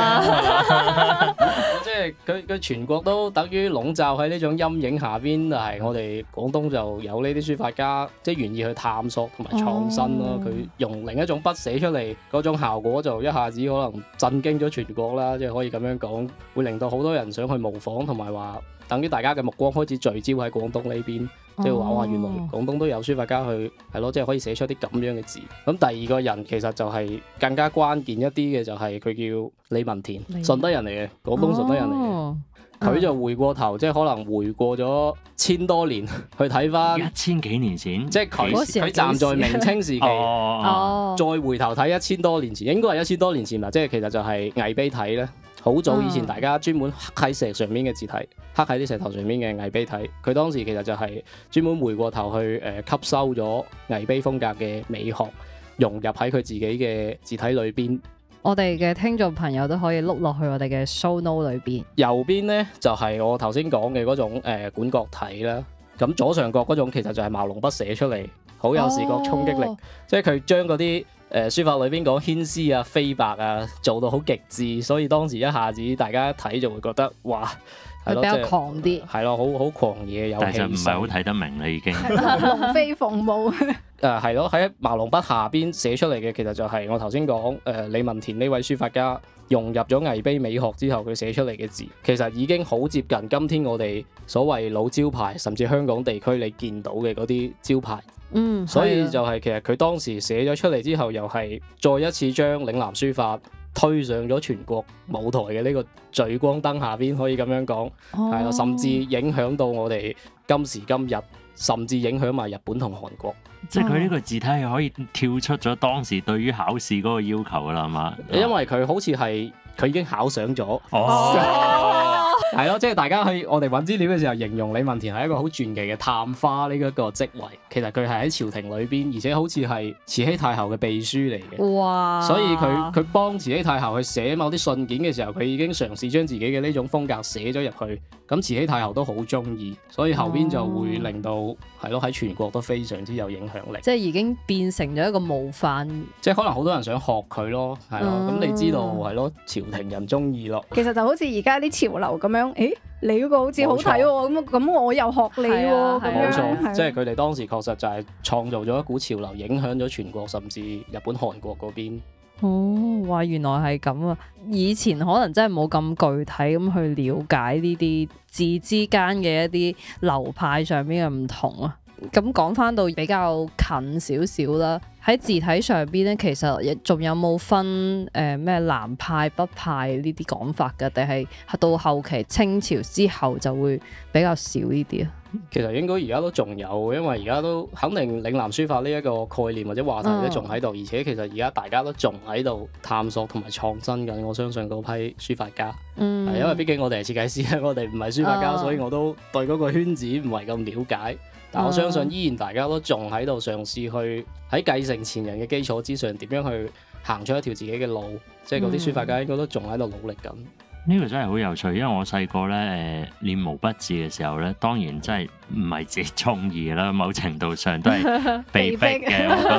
即係佢佢全國都等於籠罩喺呢種陰影下邊就係我哋廣東就有呢啲書法家，即係願意去探索同埋創新咯。佢、oh. 用另一種筆寫出嚟嗰種效果，就一下子可能震驚咗全國啦，即係可以咁樣講，會令到好多人想去模仿，同埋話等於大家嘅目光開始聚焦喺廣東呢邊，oh. 即係話哇，原來廣東都有書法家去係咯，即係可以寫出啲咁樣嘅字。咁第二個人其實就係更加關鍵一啲嘅，就係佢叫李文田，李順德人嚟嘅，廣東順德人嚟嘅。Oh. 佢就回過頭，即係可能回過咗千多年去睇返一千幾年前，即係佢佢站在明清時期，啊、再回頭睇一千多年前，應該係一千多年前吧。即係其實就係魏碑體咧，好早以前大家專門刻喺石上面嘅字體，刻喺啲石頭上面嘅魏碑體。佢當時其實就係專門回過頭去誒、呃、吸收咗魏碑風格嘅美學，融入喺佢自己嘅字體裏邊。我哋嘅聽眾朋友都可以碌落去我哋嘅 show note 裏邊。右邊呢，就係、是、我頭先講嘅嗰種誒、呃、館閣體啦。咁左上角嗰種其實就係茅龍筆寫出嚟，好有視覺衝擊力。哦、即係佢將嗰啲誒書法裏邊講牽絲啊、飛白啊做到好極致，所以當時一下子大家一睇就會覺得哇。係比較狂啲。係咯、呃，好好狂野有氣勢。但係唔係好睇得明啦，已經。 呃、龍飛鳳舞。誒係咯，喺茅龍筆下邊寫出嚟嘅，其實就係我頭先講誒李文田呢位書法家融入咗魏碑美學之後，佢寫出嚟嘅字，其實已經好接近今天我哋所謂老招牌，甚至香港地區你見到嘅嗰啲招牌。嗯。所以就係其實佢當時寫咗出嚟之後，又係再一次將嶺南書法，推上咗全國舞台嘅呢個聚光燈下邊，可以咁樣講。Oh.，係啊，甚至影響到我哋今時今日，甚至影響埋日本同韓國。Oh. 即係佢呢個字體係可以跳出咗當時對於考試嗰個要求㗎啦，係嘛？因為佢好似係。佢已經考上咗，哦、啊，係咯， 即係大家去我哋揾資料嘅時候，形容李文田係一個好傳奇嘅探花呢一個職位。其實佢係喺朝廷裏邊，而且好似係慈禧太后嘅秘書嚟嘅，哇！所以佢佢幫慈禧太后去寫某啲信件嘅時候，佢已經嘗試將自己嘅呢種風格寫咗入去。咁慈禧太后都好中意，所以後邊就會令到係咯喺全國都非常之有影響力。即係已經變成咗一個模範，即係可能好多人想學佢咯，係咯。咁你知道係咯？朝廷人中意咯，其實就好似而家啲潮流咁樣，誒你嗰個好似好睇喎、喔，咁咁錯我又學你喎，冇錯，啊、即係佢哋當時確實就係創造咗一股潮流，影響咗全國，甚至日本、韓國嗰邊。哦，哇！原來係咁啊，以前可能真係冇咁具體咁去了解呢啲字之間嘅一啲流派上面嘅唔同啊。咁講返到比較近少少啦，喺字體上邊咧，其實仲有冇分誒咩、呃、南派北派呢啲講法嘅？定係到後期清朝之後就會比較少呢啲啊？其實應該而家都仲有，因為而家都肯定嶺南書法呢一個概念或者話題咧仲喺度，而且其實而家大家都仲喺度探索同埋創新緊。我相信嗰批書法家，mm. 因為畢竟我哋係設計師，我哋唔係書法家，oh. 所以我都對嗰個圈子唔係咁了解。但我相信依然大家都仲喺度嘗試去喺繼承前人嘅基礎之上，點樣去行出一條自己嘅路，mm. 即係嗰啲書法家應該都仲喺度努力緊。呢個真係好有趣，因為我細個咧，誒練毛筆字嘅時候咧，呃，當然真係，唔係自己中意啦，某程度上都係被逼嘅。我覺得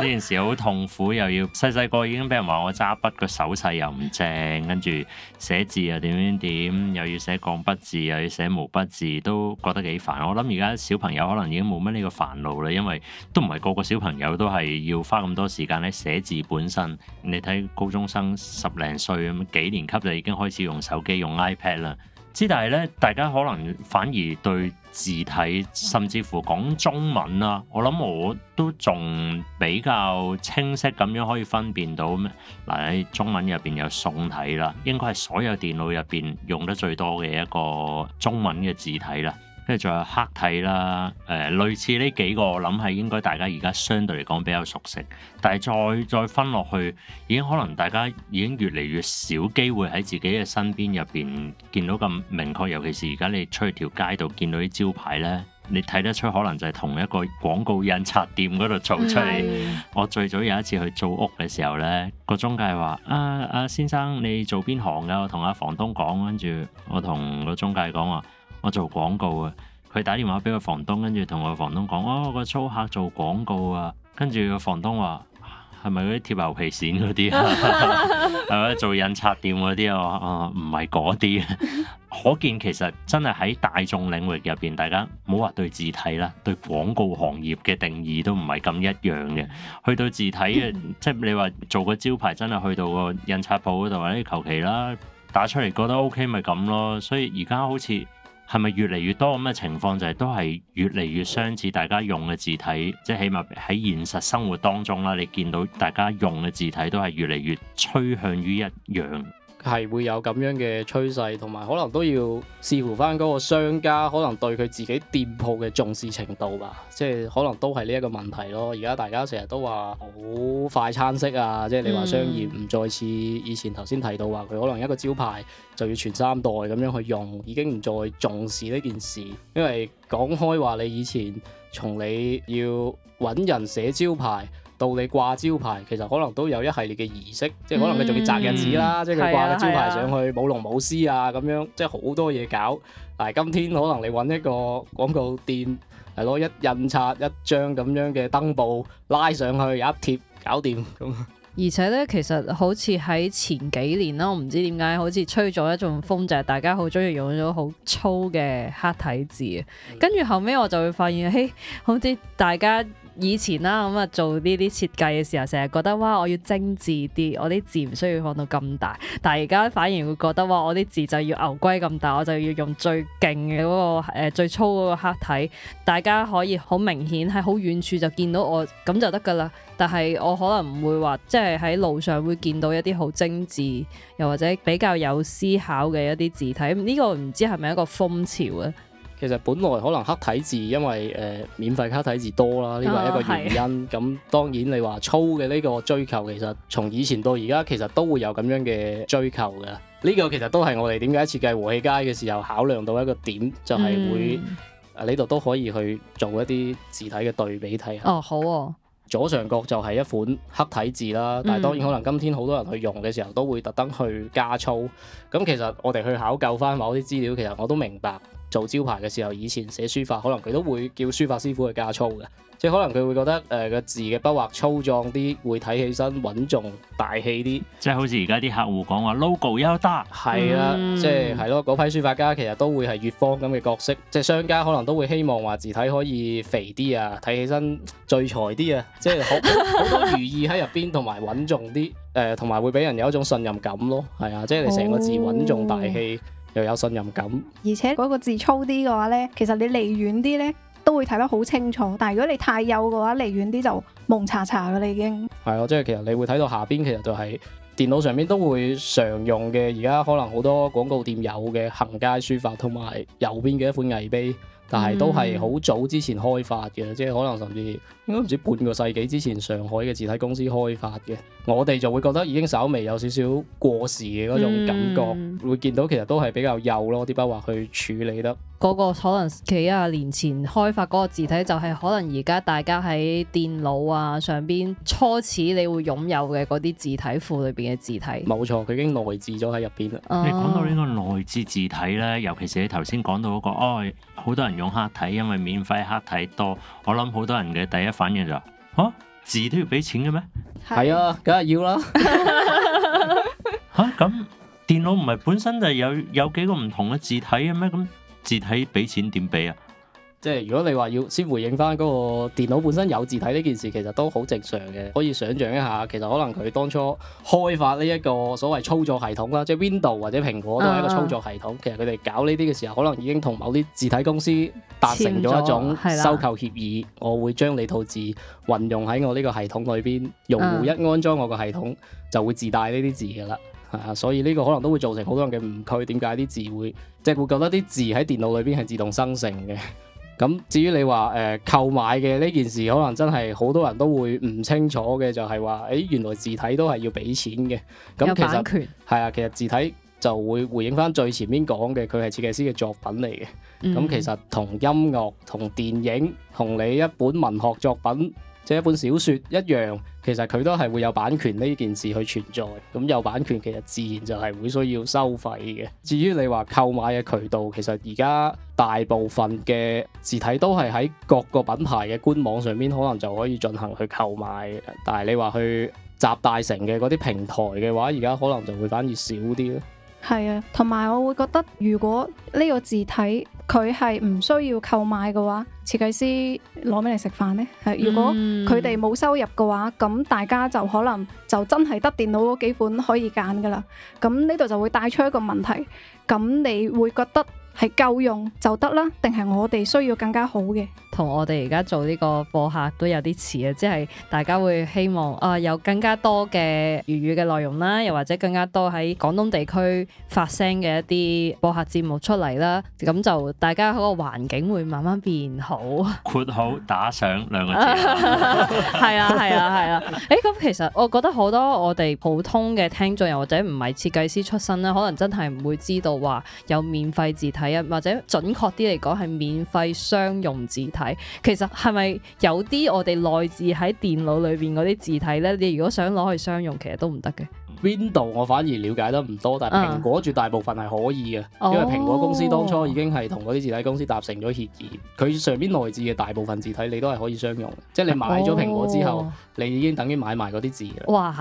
呢 件事好痛苦，又要細細個已經俾人話我揸筆個手勢又唔正，跟住寫字又點點點，又要寫鋼筆字，又要寫毛筆字，都覺得幾煩。我諗而家小朋友可能已經冇乜呢個煩惱啦，因為都唔係個個小朋友都係要花咁多時間喺寫字本身。你睇高中生十零歲咁幾年級就已經開始用手機用 iPad 啦。之，但係呢，大家可能反而對字體，甚至乎講中文啦、啊。我諗我都仲比較清晰咁樣可以分辨到，嗱，中文入面有宋體啦，應該係所有電腦入面用得最多嘅一個中文嘅字體啦。跟住仲有黑體啦，誒、呃、類似呢幾個，我諗係應該大家而家相對嚟講比較熟悉。但係再再分落去，已經可能大家已經越嚟越少機會喺自己嘅身邊入邊見到咁明確，尤其是而家你出去條街度見到啲招牌咧，你睇得出可能就係同一個廣告印刷店嗰度做出嚟。是我最早有一次去租屋嘅時候咧，個中介話：啊阿先生，你做邊行㗎？我同阿房東講，跟住我同個中介講話。我做廣告啊！佢打電話俾個房東，跟住同個房東講：哦，個租客做廣告啊！跟住個房東話，係咪嗰啲貼牛皮癬嗰啲啊？係 咪做印刷店嗰啲啊？唔係嗰啲啊！哦、 可見其實真係喺大眾領域入邊，大家唔好話對字體啦，對廣告行業嘅定義都唔係咁一樣嘅。去到字體嘅， 即係你話做個招牌，真係去到個印刷鋪嗰度或者求其啦打出嚟覺得 O K 咪咁咯。所以而家好似。係咪越嚟越多咁嘅情況，就係都係越嚟越相似？大家用嘅字體，即係起碼喺現實生活當中啦，你見到大家用嘅字體都係越嚟越趨向於一樣。係會有咁樣嘅趨勢，同埋可能都要視乎返嗰個商家可能對佢自己店鋪嘅重視程度吧。即係可能都係呢一個問題咯。而家大家成日都話好快餐式啊，即係你話商業唔再似以前頭先提到話佢可能一個招牌就要傳三代咁樣去用，已經唔再重視呢件事。因為講開話你以前從你要揾人寫招牌，到你掛招牌，其實可能都有一系列嘅儀式，嗯、即係可能佢仲要擇日子啦，即係佢掛個招牌上去，舞、嗯、龍舞獅啊咁樣，啊、即係好多嘢搞。嗱，今天可能你揾一個廣告店，係攞一印刷一張咁樣嘅燈布拉上去，有一貼搞掂咁。而且呢，其實好似喺前幾年啦，我唔知點解好似吹咗一種風，就係、是、大家好中意用咗好粗嘅黑體字啊。跟住後尾我就會發現，嘿，好似大家。以前啦，咁啊做呢啲設計嘅時候，成日覺得哇，我要精緻啲，我啲字唔需要放到咁大。但係而家反而會覺得哇，我啲字就要牛龜咁大，我就要用最勁嘅嗰個、呃、最粗嗰個黑體，大家可以好明顯喺好遠處就見到我咁就得㗎啦。但係我可能唔會話，即係喺路上會見到一啲好精緻，又或者比較有思考嘅一啲字體。呢個唔知係咪一個風潮咧？其實本來可能黑體字，因為誒、呃、免費黑體字多啦，呢、這個係一個原因。咁、嗯、當然你話粗嘅呢個追求，其實從以前到而家，其實都會有咁樣嘅追求嘅。呢、這個其實都係我哋點解設計和氣楷嘅時候，考量到一個點，就係、是、會呢度、嗯啊、都可以去做一啲字體嘅對比睇下。哦，好哦。左上角就係一款黑體字啦，嗯、但係當然可能今天好多人去用嘅時候，都會特登去加粗。咁其實我哋去考究翻某啲資料，其實我都明白。做招牌嘅時候，以前寫書法，可能佢都會叫書法師傅去加粗嘅，即係可能佢會覺得誒個、呃、字嘅筆畫粗壯啲，會睇起身穩重大氣啲、嗯啊。即係好似而家啲客戶講話，logo 優得。係啦、啊，即係係咯，嗰批書法家其實都會係乙方咁嘅角色，即係商家可能都會希望話字體可以肥啲啊，睇起身聚財啲啊，即係好好多寓意喺入邊，同埋穩重啲誒，同、呃、埋會俾人有一種信任感咯。係啊，即係你成個字穩重大氣。嗯又有信任感，而且嗰個字粗啲嘅話咧，其實你離遠啲咧都會睇得好清楚。但係如果你太幼嘅話，離遠啲就蒙查查嘅啦，已經茶茶。係囉， 即係其實你會睇到下邊，其實就係電腦上面都會常用嘅，而家可能好多廣告店有嘅行街書法同埋右邊嘅一款魏碑。但係都係好早之前開發嘅，即係可能甚至應該唔知半個世紀之前上海嘅字體公司開發嘅。我哋就會覺得已經稍微有少少過時嘅嗰種感覺，嗯、會見到其實都係比較幼咯啲筆畫去處理得。嗰個可能幾廿年前開發嗰個字體，就係可能而家大家喺電腦啊上邊初始你會擁有嘅嗰啲字體庫裏邊嘅字體。冇錯，佢已經內置咗喺入邊啦。你講到呢個內置字體咧，尤其是你頭先講到嗰個愛，好多人用黑體，因為免費黑體多。我諗好多人嘅第一反應就是：，啊，字都要俾錢嘅咩？係啊，梗係要啦。吓、 啊，咁電腦唔係本身就係有有幾個唔同嘅字體嘅、啊、咩？咁字體俾錢點俾啊？即係如果你話要先回應翻嗰個電腦本身有字體呢件事，其實都好正常嘅。可以想象一下，其實可能佢當初開發呢一個所謂操作系統啦，即係 Window 或者蘋果都係一個操作系統。嗯、其實佢哋搞呢啲嘅時候，可能已經同某啲字體公司達成咗一種收購協議。嗯嗯、我會將你套字運用喺我呢個系統裏邊，用戶一安裝我個系統就會自帶呢啲字㗎啦、啊。所以呢個可能都會造成好多人嘅誤區。點解啲字會即係、即係、會覺得啲字喺電腦裏邊係自動生成嘅？咁至於你話誒、呃、購買嘅呢件事，可能真係好多人都會唔清楚嘅，就係、是、話，誒、欸、原來字體都係要俾錢嘅。咁其實係啊，其實字體就會回應返最前面講嘅，佢係設計師嘅作品嚟嘅。咁、嗯、其實同音樂、同電影、同你一本文學作品。即係一本小説一樣，其實佢都係會有版權呢件事去存在，咁有版權其實自然就係會需要收費嘅。至於你話購買嘅渠道，其實而家大部分嘅字體都係喺各個品牌嘅官網上面，可能就可以進行去購買。但係你話去集大成嘅嗰啲平台嘅話，而家可能就會反而少啲咯。係啊，同埋我會覺得，如果呢個字體佢係唔需要購買嘅話，設計師攞咩嚟食飯呢？係如果佢哋冇收入嘅話，咁、嗯、大家就可能就真係得電腦嗰幾款可以揀噶啦。咁呢度就會帶出一個問題，咁你會覺得？係夠用就得啦，定係我哋需要更加好嘅？同我哋而家做呢個播客都有啲似啊，即係大家會希望啊、呃、有更加多嘅粵語嘅內容啦，又或者更加多喺廣東地區發聲嘅一啲播客節目出嚟啦，咁就大家嗰個環境會慢慢變好。括號打上兩個字，係啊係啊係啊！誒、啊、咁、啊啊欸、其實我覺得好多我哋普通嘅聽眾又或者唔係設計師出身啦，可能真係唔會知道話有免費字體。係啊，或者準確啲嚟講，係免費商用字體。其實係咪有啲我哋內置喺電腦裏邊嗰啲字體咧？你如果想攞去商用，其實都唔得嘅。Window，我反而了解得唔多，但係蘋果絕大部分係可以嘅，嗯、因為蘋果公司當初已經係同嗰啲字體公司達成咗協議，佢上邊內置嘅大部分字體你都係可以商用，即係你買咗蘋果之後，哦、你已經等於買埋嗰啲字。哇，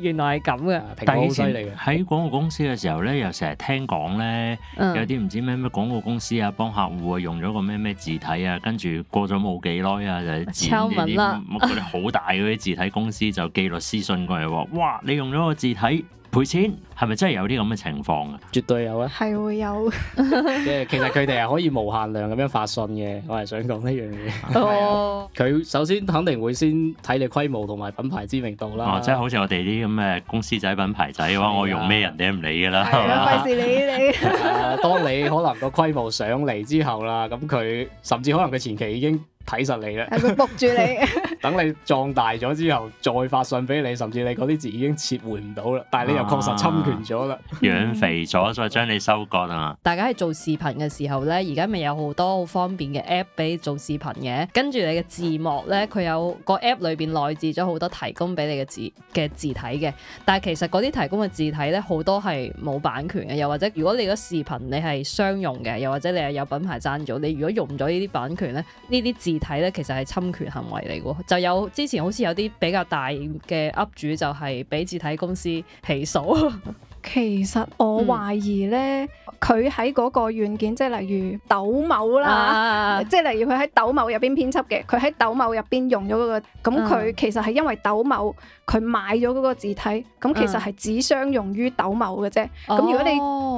原來係咁嘅，蘋果好犀利。喺廣告公司嘅時候咧，又成日聽講咧，有啲唔知咩咩廣告公司啊，幫客戶啊用咗個咩咩字體啊，跟住過咗冇幾耐啊，就黐嗰啲好大嗰啲字體公司就寄嚟私信過嚟話，哇，你用咗個字體賠錢，係咪真係有啲咁嘅情況啊？絕對有啊，係會有。誒， 其實佢哋係可以無限量咁樣發信嘅。我係想講呢樣嘢。佢、 哦、 首先肯定會先睇你規模同埋品牌知名度啦。哦，即係好似我哋啲咁嘅公司仔品牌仔嘅話，啊、我用咩人哋唔理噶啦，係啊？費事理你。當你可能個規模上嚟之後啦，咁佢甚至可能佢前期已經。睇實你啦，係咪僕住你？等你壯大咗之後，再發信俾你，甚至你嗰啲字已經撤回唔到啦，但係你又確實侵權咗啦，啊、養肥咗再將你收割係嘛？嗯、大家喺做視頻嘅時候咧，而家咪有好多好方便嘅 app 俾做視頻嘅，跟住你嘅字幕咧，佢有個 app 裏邊內置咗好多提供俾你嘅字嘅字體嘅，但係其實嗰啲提供嘅字體咧，好多係冇版權嘅，又或者如果你個視頻你係商用嘅，又或者你係有品牌贊助，你如果用咗呢啲版權咧，呢啲字。字體咧，其實係侵權行為嚟喎，就有之前好似有啲比較大嘅 Up 主就係俾字體公司起訴。 其實我懷疑呢，佢喺嗰個軟件，即係例如抖某啦，即係例如佢喺抖某入邊編輯嘅，佢喺抖某入邊用咗嗰個，咁佢其實係因為抖某佢買咗嗰個字體，咁其實係只適用於抖某嘅啫。咁如果你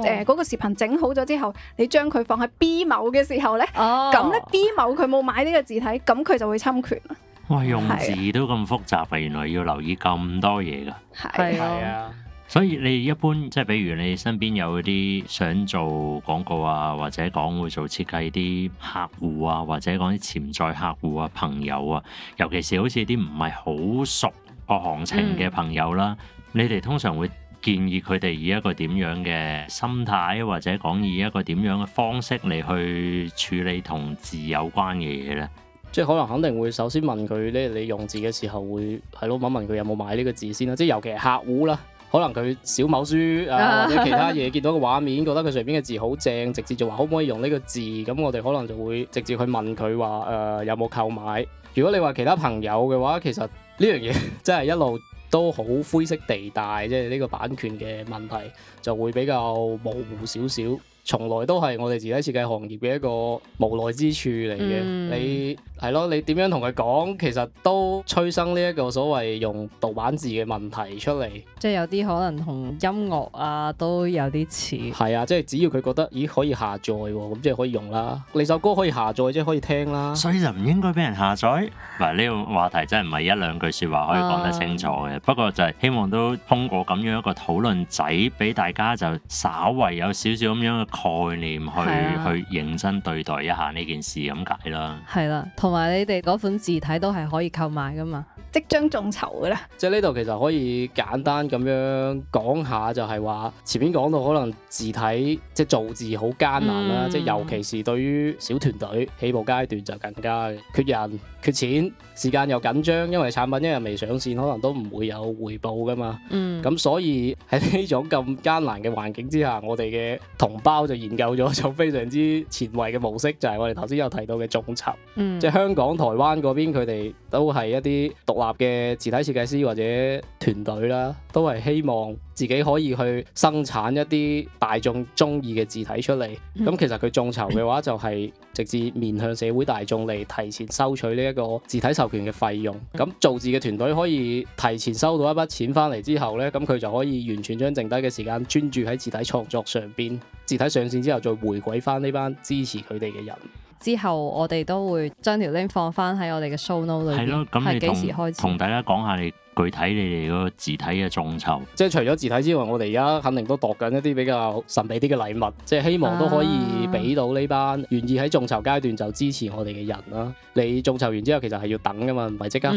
誒嗰個視頻整好咗之後，你將佢放喺 B 某嘅時候呢，咁呢 B 某佢冇買呢個字體，咁佢就會侵權啦。哇，用字都咁複雜，原來要留意咁多嘢噶？係啊。所以你一般即係比如你身邊有啲想做廣告啊，或者講會做設計啲客戶啊，或者講啲潛在客戶啊、朋友啊，尤其是好似啲唔係好熟個行情嘅朋友啦，嗯、你哋通常會建議佢哋以一個點樣嘅心態或者講以一個點樣嘅方式嚟去處理同字有關嘅嘢咧？即係可能肯定會首先問佢咧，你用字嘅時候會係咯問問佢有冇買呢個字先啦。即係尤其係客戶啦。可能佢小某書啊，或者其他嘢見到個畫面， 覺得佢上面嘅字好正，直接就話可唔可以用呢個字？咁我哋可能就會直接去問佢話誒有冇購買。如果你話其他朋友嘅話，其實呢樣嘢真係一路都好灰色地帶，即係呢個版權嘅問題就會比較模糊少少。從來都係我哋自己設計行業嘅一個無奈之處嚟嘅。嗯，你係咯，你點樣同佢講，其實都催生呢一個所謂用盜版字嘅問題出嚟。啊嗯，即係有啲可能同音樂啊都有啲似，係啊，即係只要佢覺得，咦可以下載喎，啊，咁即係可以用啦，你首歌可以下載，即係可以聽啦，所以就唔應該俾人下載。唔呢，呢個話題真係唔係一兩句説話可以講得清楚嘅，啊，不過就係希望都通過咁樣一個討論仔，俾大家就稍為有少少咁樣嘅。概念去的去認真對待一下呢件事咁解啦，係啦，同埋你哋嗰款字體都係可以購買噶嘛。即將眾籌㗎啦！即係呢度其實可以簡單咁樣講下，就係話前面講到可能字體即係做字好艱難啦，即係、嗯、尤其是對於小團隊起步階段就更加缺人、缺錢，時間又緊張，因為產品一日未上線，可能都唔會有回報㗎嘛。嗯。咁所以喺呢種咁艱難嘅環境之下，我哋嘅同胞就研究咗一種非常之前衞嘅模式，就係、是、我哋頭先有提到嘅眾籌。嗯、即係香港、台灣嗰邊，佢哋都係一啲獨立。嘅字體設計師或者團隊啦，都係希望自己可以去生產一啲大眾中意嘅字體出嚟。咁、嗯、其實佢眾籌嘅話，就係直接面向社會大眾嚟提前收取呢一個字體授權嘅費用。咁造字嘅團隊可以提前收到一筆錢翻嚟之後呢，咁佢就可以完全將剩低嘅時間專注喺字體創作上邊。字體上線之後，再回饋翻呢班支持佢哋嘅人。之後，我哋都會將條 link 放翻喺我哋嘅 show note 度。係咯，咁你係幾時開始？同大家講下你具體你哋嗰個字體嘅眾籌。即係除咗字體之外，我哋而家肯定都度緊一啲比較神秘啲嘅禮物。即係希望都可以俾到呢班願意喺眾籌階段就支持我哋嘅人啦。你眾籌完之後，其實係要等噶嘛，唔係即刻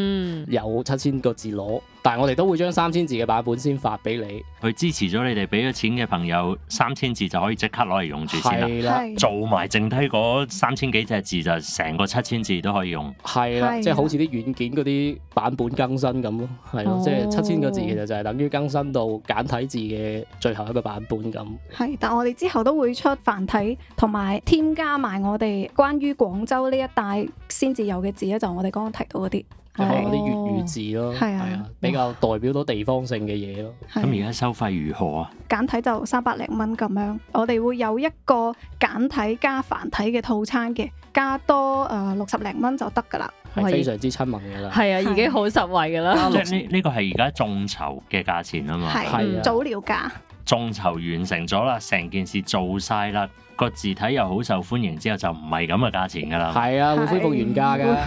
有七千個字攞。嗯但係我哋都會將三千字嘅版本先發俾你，佢支持咗你哋俾咗錢嘅朋友，三千字就可以即刻攞嚟用住先啦，的做埋剩低嗰三千幾隻字，嗯、就成個七千字都可以用。係啦的，的即係好似啲軟件嗰啲版本更新咁咯，係咯，哦、即係七千個字其實就係等於更新到簡體字嘅最後一個版本咁。係，但我哋之後都會出繁體，同埋添加埋我哋關於廣州呢一帶先至有嘅字咧，就我哋剛剛提到嗰啲。我啲粵語字咯，係啊，比較代表到地方性嘅嘢咯。咁而家收費如何啊？簡體就三百零蚊咁樣，我哋會有一個簡體加繁體嘅套餐嘅，加多誒六十零蚊就得噶啦，係非常之親民嘅啦。係以啊，已經好實惠㗎啦。即呢、啊 呢個係而家眾籌嘅價錢 啊嘛，係早鳥價。眾籌完成咗啦，成件事做晒啦，個字體又好受歡迎，之後就唔係咁嘅價錢㗎啦。係啊，會恢復原價㗎，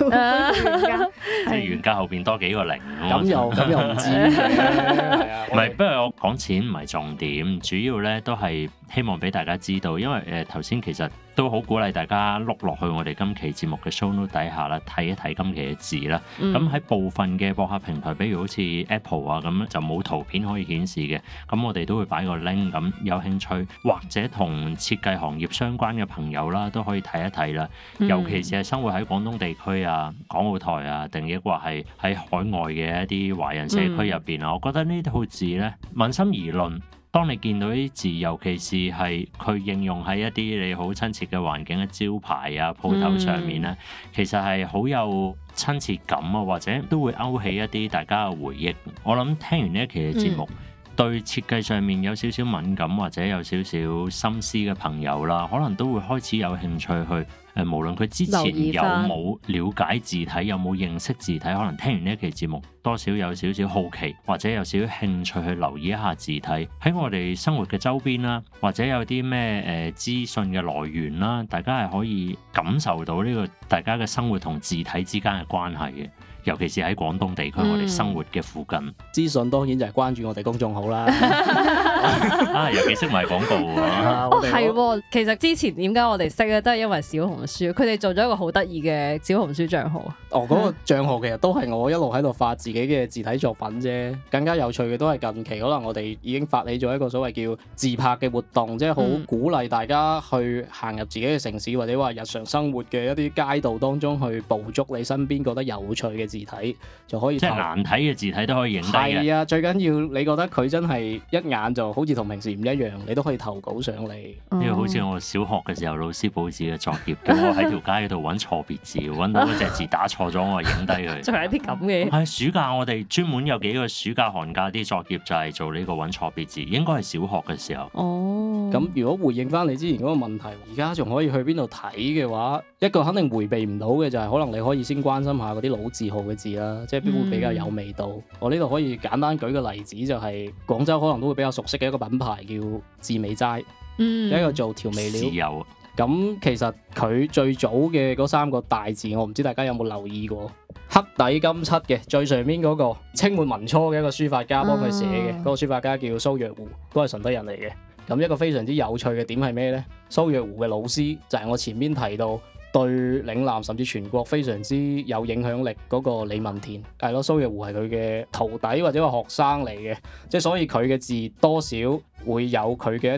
即係 原價後邊多幾個零。咁又咁又唔知。係啊，唔係，不過我講錢唔係重點，主要咧都係希望俾大家知道，因為誒頭先其實。都好鼓勵大家碌落去我哋今期節目嘅 show note 底下啦，睇一睇今期嘅字啦。咁喺、嗯、部分嘅博客平台，比如好似 Apple 啊咁，就冇圖片可以顯示嘅。咁我哋都會擺個 link，咁有興趣或者同設計行業相關嘅朋友啦，都可以睇一睇啦。嗯、尤其是係生活喺廣東地區啊、港澳台啊，定抑或係喺海外嘅一啲華人社區入邊啊，嗯、我覺得呢套字呢，問心而論。當你見到啲字，尤其是係佢應用喺一啲你好親切嘅環境嘅招牌啊、鋪頭上面咧，嗯、其實係好有親切感啊，或者都會勾起一啲大家嘅回憶。我諗聽完呢一期嘅節目，嗯、對設計上面有少少敏感或者有少少心思嘅朋友啦，可能都會開始有興趣去。誒，無論佢之前有冇了解字體，有冇認識字體，可能聽完呢一期節目，多少有少少好奇或者有少少興趣去留意一下字體，喺我哋生活嘅周邊啦，或者有啲咩誒資訊嘅來源啦，大家係可以感受到呢、這個大家嘅生活同字體之間嘅關係嘅，尤其是喺廣東地區、嗯、我哋生活嘅附近，資訊當然就係關注我哋公眾號啦， 啊，尤其識埋廣告係 、啊哦，其實之前點解我哋識咧，都係因為小紅。佢哋做咗一個好得意嘅小紅書賬號。哦，嗰個賬號其實都係我一路喺度發自己嘅字體作品啫。更加有趣嘅都係近期，可能我哋已經發起咗一個所謂叫字拍嘅活動，即係好鼓勵大家去行入自己嘅城市或者話日常生活嘅一啲街道當中去捕捉你身邊覺得有趣嘅字體，就可以即係難睇嘅字體都可以影低嘅。係啊，最緊要你覺得佢真係一眼就好似同平時唔一樣，你都可以投稿上嚟。因為、嗯、好似我小學嘅時候老師布置嘅作業。 我喺條街度揾錯別字，揾到嗰隻字打錯咗，我係影低佢。仲係一啲咁嘅。係暑假我哋專門有幾個暑假寒假啲作業就係做呢、這個揾錯別字，應該係小學嘅時候。哦。咁如果回應翻你之前嗰個問題，而家仲可以去邊度睇嘅話，一個肯定迴避唔到嘅就係、是，可能你可以先關心下嗰啲老字號嘅字啦，即係邊會比較有味道。嗯、我呢度可以簡單舉個例子、就是，就係廣州可能都會比較熟悉嘅一個品牌叫致美齋，嗯，一個做調味料。有、嗯。 咁其實佢最早嘅嗰三個大字，我唔知大家有冇留意過，黑底金漆嘅最上面嗰個清末民初嘅一個書法家幫佢寫嘅，嗰、嗯、個書法家叫蘇若湖，都係順德人嚟嘅。咁一個非常之有趣嘅點係咩呢？蘇若湖嘅老師就係我前面提到對嶺南甚至全國非常之有影響力嗰個李文田，係咯，蘇若湖係佢嘅徒弟或者話學生嚟嘅，即係所以佢嘅字多少會有佢嘅一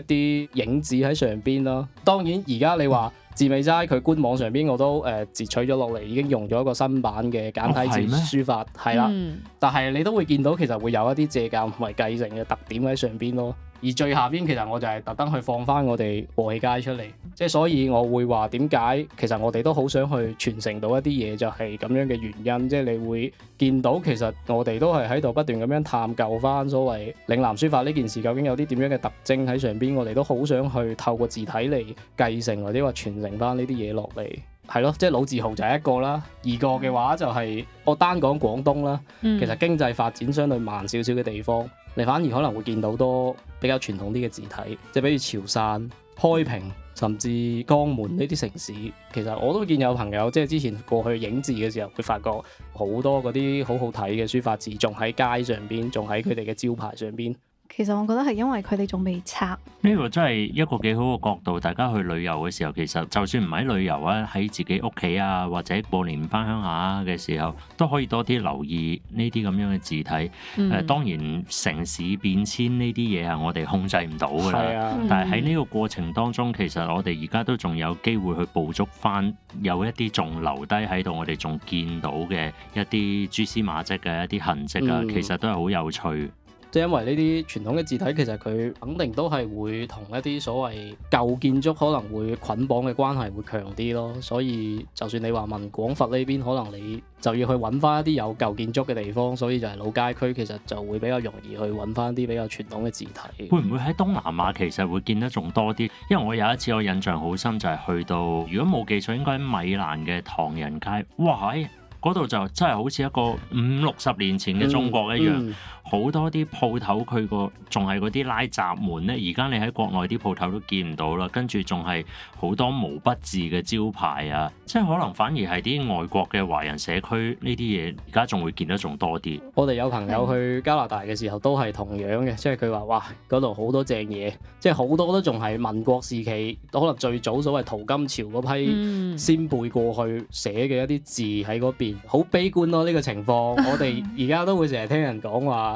啲影子喺上邊咯。當然而家你話、嗯、致美齋佢官網上邊我都誒、呃、截取咗落嚟，已經用咗一個新版嘅簡體字書法，係、哦、啦。嗯、但係你都會見到其實會有一啲借鑑同埋繼承嘅特點喺上邊咯。而最下邊其實我就係特登去放翻我哋和氣楷出嚟，即係所以我會話點解其實我哋都好想去傳承到一啲嘢，就係咁樣嘅原因。即係你會見到其實我哋都係喺度不斷咁樣探究翻所謂嶺南書法呢件事究竟有啲點樣嘅特徵喺上邊，我哋都好想去透過字體嚟繼承或者話傳承翻呢啲嘢落嚟，係咯，即係老字號就係一個啦。二個嘅話就係、是、我單講廣東啦，其實經濟發展相對慢少少嘅地方。嗯你反而可能會見到多比較傳統啲嘅字體，即係比如潮汕、開平甚至江門呢啲城市，其實我都見有朋友即係之前過去影字嘅時候，會發覺好多嗰啲好好睇嘅書法字，仲喺街上邊，仲喺佢哋嘅招牌上面。其實我覺得係因為佢哋仲未拆。呢個真係一個幾好嘅角度，大家去旅遊嘅時候，其實就算唔喺旅遊啊，喺自己屋企啊，或者過年翻鄉下嘅時候，都可以多啲留意呢啲咁樣嘅字體。誒、嗯呃，當然城市變遷呢啲嘢係我哋控制唔到噶啦。啊嗯、但係喺呢個過程當中，其實我哋而家都仲有機會去捕捉翻有一啲仲留低喺度，我哋仲見到嘅一啲蛛絲馬跡嘅一啲痕跡啊，嗯、其實都係好有趣。即係因為呢啲傳統嘅字體，其實佢肯定都係會同一啲所謂舊建築可能會捆綁嘅關係會強啲咯。所以就算你話問廣佛呢邊，可能你就要去揾翻一啲有舊建築嘅地方，所以就係老街區，其實就會比較容易去揾翻啲比較傳統嘅字體。會唔會喺東南亞其實會見得仲多啲？因為我有一次我印象好深，就係去到，如果冇記錯，應該喺米蘭嘅唐人街，哇嗰度、哎、就真係好似一個五六十年前嘅中國一樣。嗯嗯。好多啲鋪頭佢個仲係嗰啲拉閘門咧，而家你喺國內啲鋪頭都見唔到啦。跟住仲係好多毛筆字嘅招牌啊，即係可能反而係啲外國嘅華人社區呢啲嘢，而家仲會見得仲多啲。我哋有朋友去加拿大嘅時候都係同樣嘅是，即係佢話哇，嗰度好多正嘢，即係好多都仲係民國時期，可能最早所謂淘金潮嗰批先輩過去寫嘅一啲字喺嗰邊，好、嗯、悲觀咯、啊、呢、呢個情況。我哋而家都會成日聽人講話。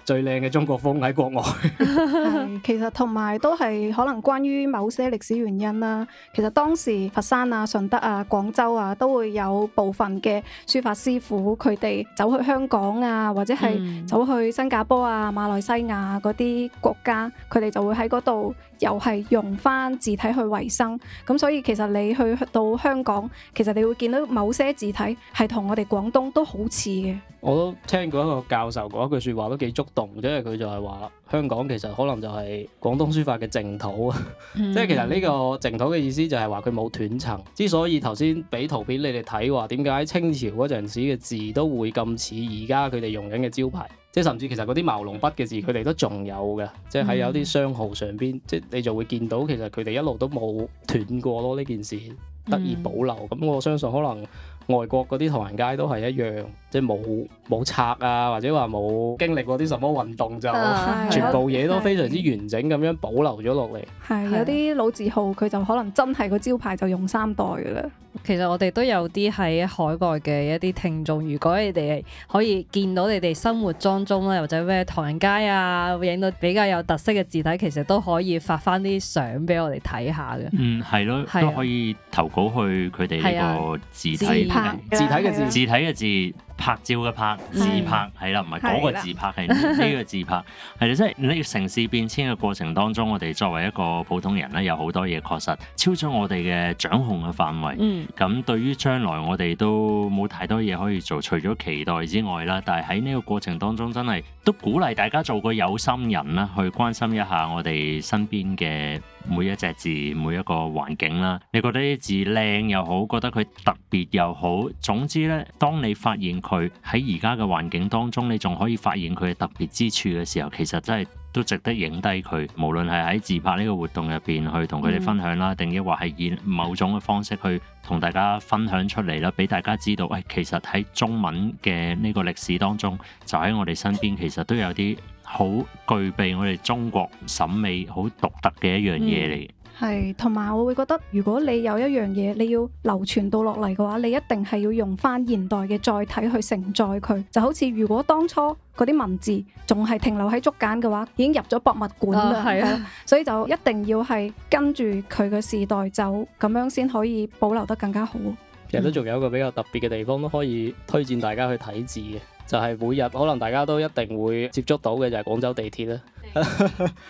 最靚嘅中國風喺國外，其實同埋都係可能關於某些歷史原因啦。其實當時佛山啊、順德啊、廣州啊，都會有部分嘅書法師傅佢哋走去香港啊，或者係走去新加坡啊、馬來西亞嗰啲國家，佢哋就會喺嗰度又係用返字體去維生。咁所以其實你去到香港，其實你會見到某些字體係同我哋廣東都好似嘅。我都聽過一個教授講一句説話，都幾足動，即係佢就係話香港其實可能就係廣東書法嘅淨土啊， 即係其實呢個淨土嘅意思就係話佢冇斷層。之所以頭先俾圖片你哋睇話，點解清朝嗰陣時嘅字都會咁似而家佢哋用緊嘅招牌，即係甚至其實嗰啲茅龍筆嘅字佢哋都仲有嘅， 即係喺有啲商號上邊，即係你就會見到其實佢哋一路都冇斷過咯。呢件事得以保留。咁 我相信可能外國嗰啲唐人街都係一樣。即係冇冇拆啊，或者話冇經歷過啲什麼運動就、啊、 全部嘢都非常之完整咁樣保留咗落嚟。係有啲老字號佢就可能真係個招牌就用三代噶啦。其實我哋都有啲喺海外嘅一啲聽眾，如果你哋可以見到你哋生活當中咧，又或者咩唐人街啊，會影到比較有特色嘅字體，其實都可以發翻啲相俾我哋睇下嘅。嗯，係咯，都的可以投稿去佢哋呢個字體字體嘅字字體嘅字。拍照嘅拍自拍係啦，唔係嗰個自拍，係呢個自拍係啦，即係 呢個城市變遷嘅過程當中，我哋作為一個普通人咧，有好多嘢確實超出我哋嘅掌控嘅範圍，嗯，咁對於將來我哋都冇太多嘢可以做，除咗期待之外啦。但係喺呢個過程當中，真係都鼓勵大家做個有心人啦，去關心一下我哋身邊嘅。每一隻字，每一個環境啦，你覺得啲字靚又好，覺得佢特別又好，總之呢，當你發現佢喺而家嘅環境當中，你仲可以發現佢嘅特別之處嘅時候，其實真係都值得影低佢。無論係喺字拍呢個活動入邊去同佢哋分享啦，定抑或係以某種嘅方式去同大家分享出嚟啦，俾大家知道，喂、哎，其實喺中文嘅呢個歷史當中，就喺我哋身邊，其實都有啲，好具備我哋中國審美好獨特嘅一樣嘢嚟，係，同埋我會覺得，如果你有一樣嘢你要流傳到落嚟嘅話，你一定係要用翻現代嘅載體去承載佢。就好似如果當初嗰啲文字仲係停留喺竹簡嘅話，已經入咗博物館啦，係啊，所以就一定要係跟住佢嘅時代走，咁樣先可以保留得更加好。其實都仲有一個比較特別嘅地方都可以推薦大家去睇字嘅。就係每日可能大家都一定會接觸到嘅，就係、是、廣州地鐵咧。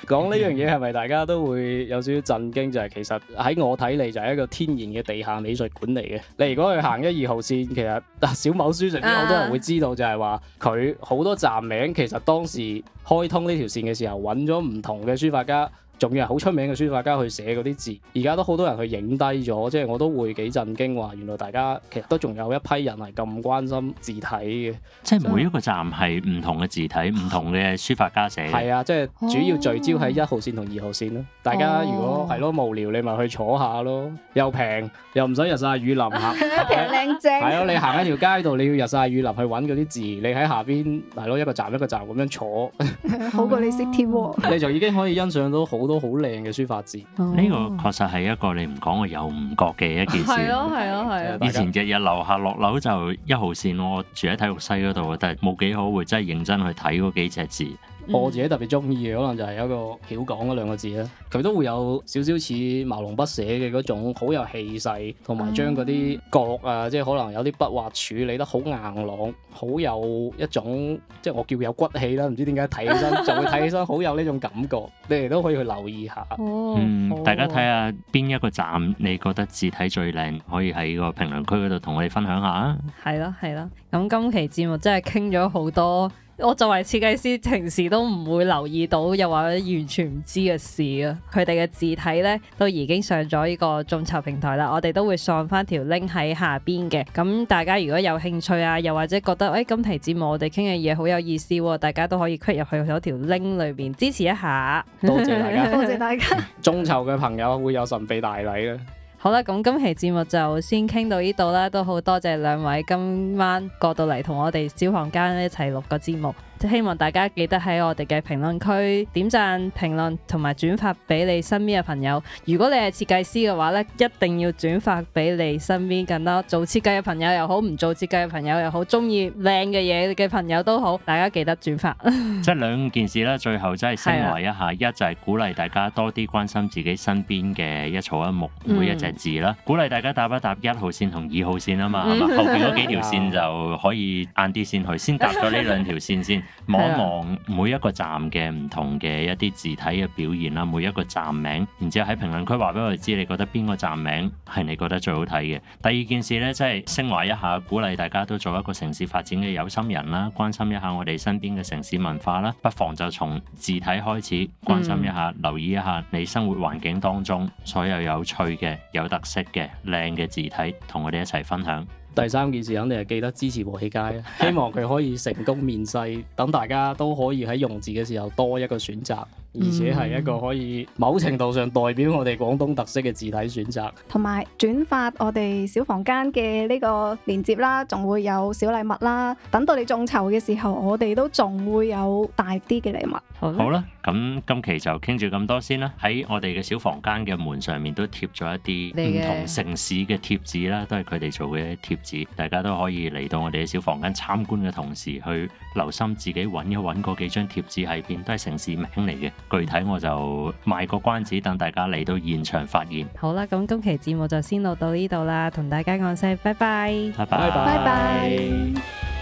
講呢樣嘢係咪大家都會有少少震驚？就係、是、其實喺我睇嚟就係一個天然嘅地下美術館嚟嘅。你如果去行一二號線，其實小某書上面好多人會知道就是說，就係話佢好多站名其實當時開通呢條線嘅時候揾咗唔同嘅書法家。仲要係好出名嘅書法家去寫嗰啲字，而家都好多人去影低咗，即係我都會幾震驚話，原來大家其實都仲有一批人係咁關心字體嘅。即係每一個站係唔同嘅字體，唔 同嘅書法家寫。係啊，即係主要聚焦喺一號線同二號線咯。大家如果係咯、哦啊、無聊，你咪去坐下咯，又平又唔使日曬雨淋下，平 嗯、靚正。係啊、嗯，你行喺條街度，你要日曬雨淋去揾嗰啲字，你喺下邊係咯一個站一個站咁樣坐， 好過你識鐵喎。 你就已經可以欣賞到好，都好靚嘅書法字，呢、哦、個確實係一個你唔講我又唔覺嘅一件事。係咯，係咯，係咯。以前日日樓下落樓就一號線，我住喺體育西嗰度，但係冇幾好，會真係認真去睇嗰幾隻字。我自己特別中意嘅，可能就係一個曉港嗰兩個字啦。佢都會有少少似茅龍筆寫嘅嗰種，好有氣勢，同埋將嗰啲角啊，嗯、即係可能有啲筆畫處理得好硬朗，好有一種即係我叫有骨氣啦，唔知點解睇起身就會睇起身好 有呢種感覺，你哋都可以去留意下、哦。嗯，哦、大家睇下邊一個站你覺得字體最靚，可以喺個評論區嗰度同我哋分享下啊。係咯，係咯，咁今期節目真係傾咗好多。我作為設計師，平時都唔會留意到又或者完全唔知嘅事啊！佢哋嘅字體呢，都已經上咗呢個眾籌平台啦，我哋都會上翻條 link 喺下邊嘅。咁大家如果有興趣啊，又或者覺得誒、哎、今期節目我哋傾嘅嘢好有意思、啊，大家都可以 click 入去嗰條 link 裏邊支持一下。多謝大家，多謝 大家 眾籌嘅朋友會有神秘大禮啦！好啦，咁今期節目就先傾到呢度啦，都好多謝兩位今晚過到嚟同我哋小房間一齊錄個節目。希望大家記得喺我哋嘅評論區點贊、評論同埋轉發俾你身邊嘅朋友。如果你係設計師嘅話咧，一定要轉發俾你身邊更多做設計嘅朋友又好，唔做設計嘅朋友又好，中意靚嘅嘢嘅朋友都好，大家記得轉發。 即兩件事啦，最後真係昇華一下，的一就係鼓勵大家多啲關心自己身邊嘅一草一木、每一隻字啦，嗯、鼓勵大家搭一搭一號線同二號線啊嘛，嗯、 係咪後邊嗰幾條線就可以晏啲先去，先搭咗呢兩條線先。 望一望每一個站嘅唔同嘅一啲字體嘅表現啦，每一個站名，然之後喺評論區話俾我哋知，你覺得邊個站名係你覺得最好睇嘅。第二件事呢，即係昇華一下，鼓勵大家都做一個城市發展嘅有心人啦，關心一下我哋身邊嘅城市文化啦，不妨就從字體開始關心一下，嗯、留意一下你生活環境當中所有有趣嘅、有特色嘅靚嘅字體，同我哋一齊分享。第三件事肯定係記得支持和氣楷，希望佢可以成功面世，等大家都可以喺用字嘅時候多一個選擇。而且係一個可以某程度上代表我哋廣東特色嘅字體選擇，同埋、嗯、轉發我哋小房間嘅呢個鏈接啦，仲會有小禮物啦。等到你眾籌嘅時候，我哋都仲會有大啲嘅禮物。好啦，咁今期就傾住咁多先啦。喺我哋嘅小房間嘅門上面都貼咗一啲唔同城市嘅貼紙啦，都係佢哋做嘅貼紙，大家都可以嚟到我哋嘅小房間參觀嘅同時，去留心自己揾一揾嗰幾張貼紙喺邊，都係城市名嚟嘅。具體我就賣個關子，等大家嚟到現場發現。好啦，咁今期節目就先錄到呢度啦，同大家講聲拜拜。拜拜拜拜。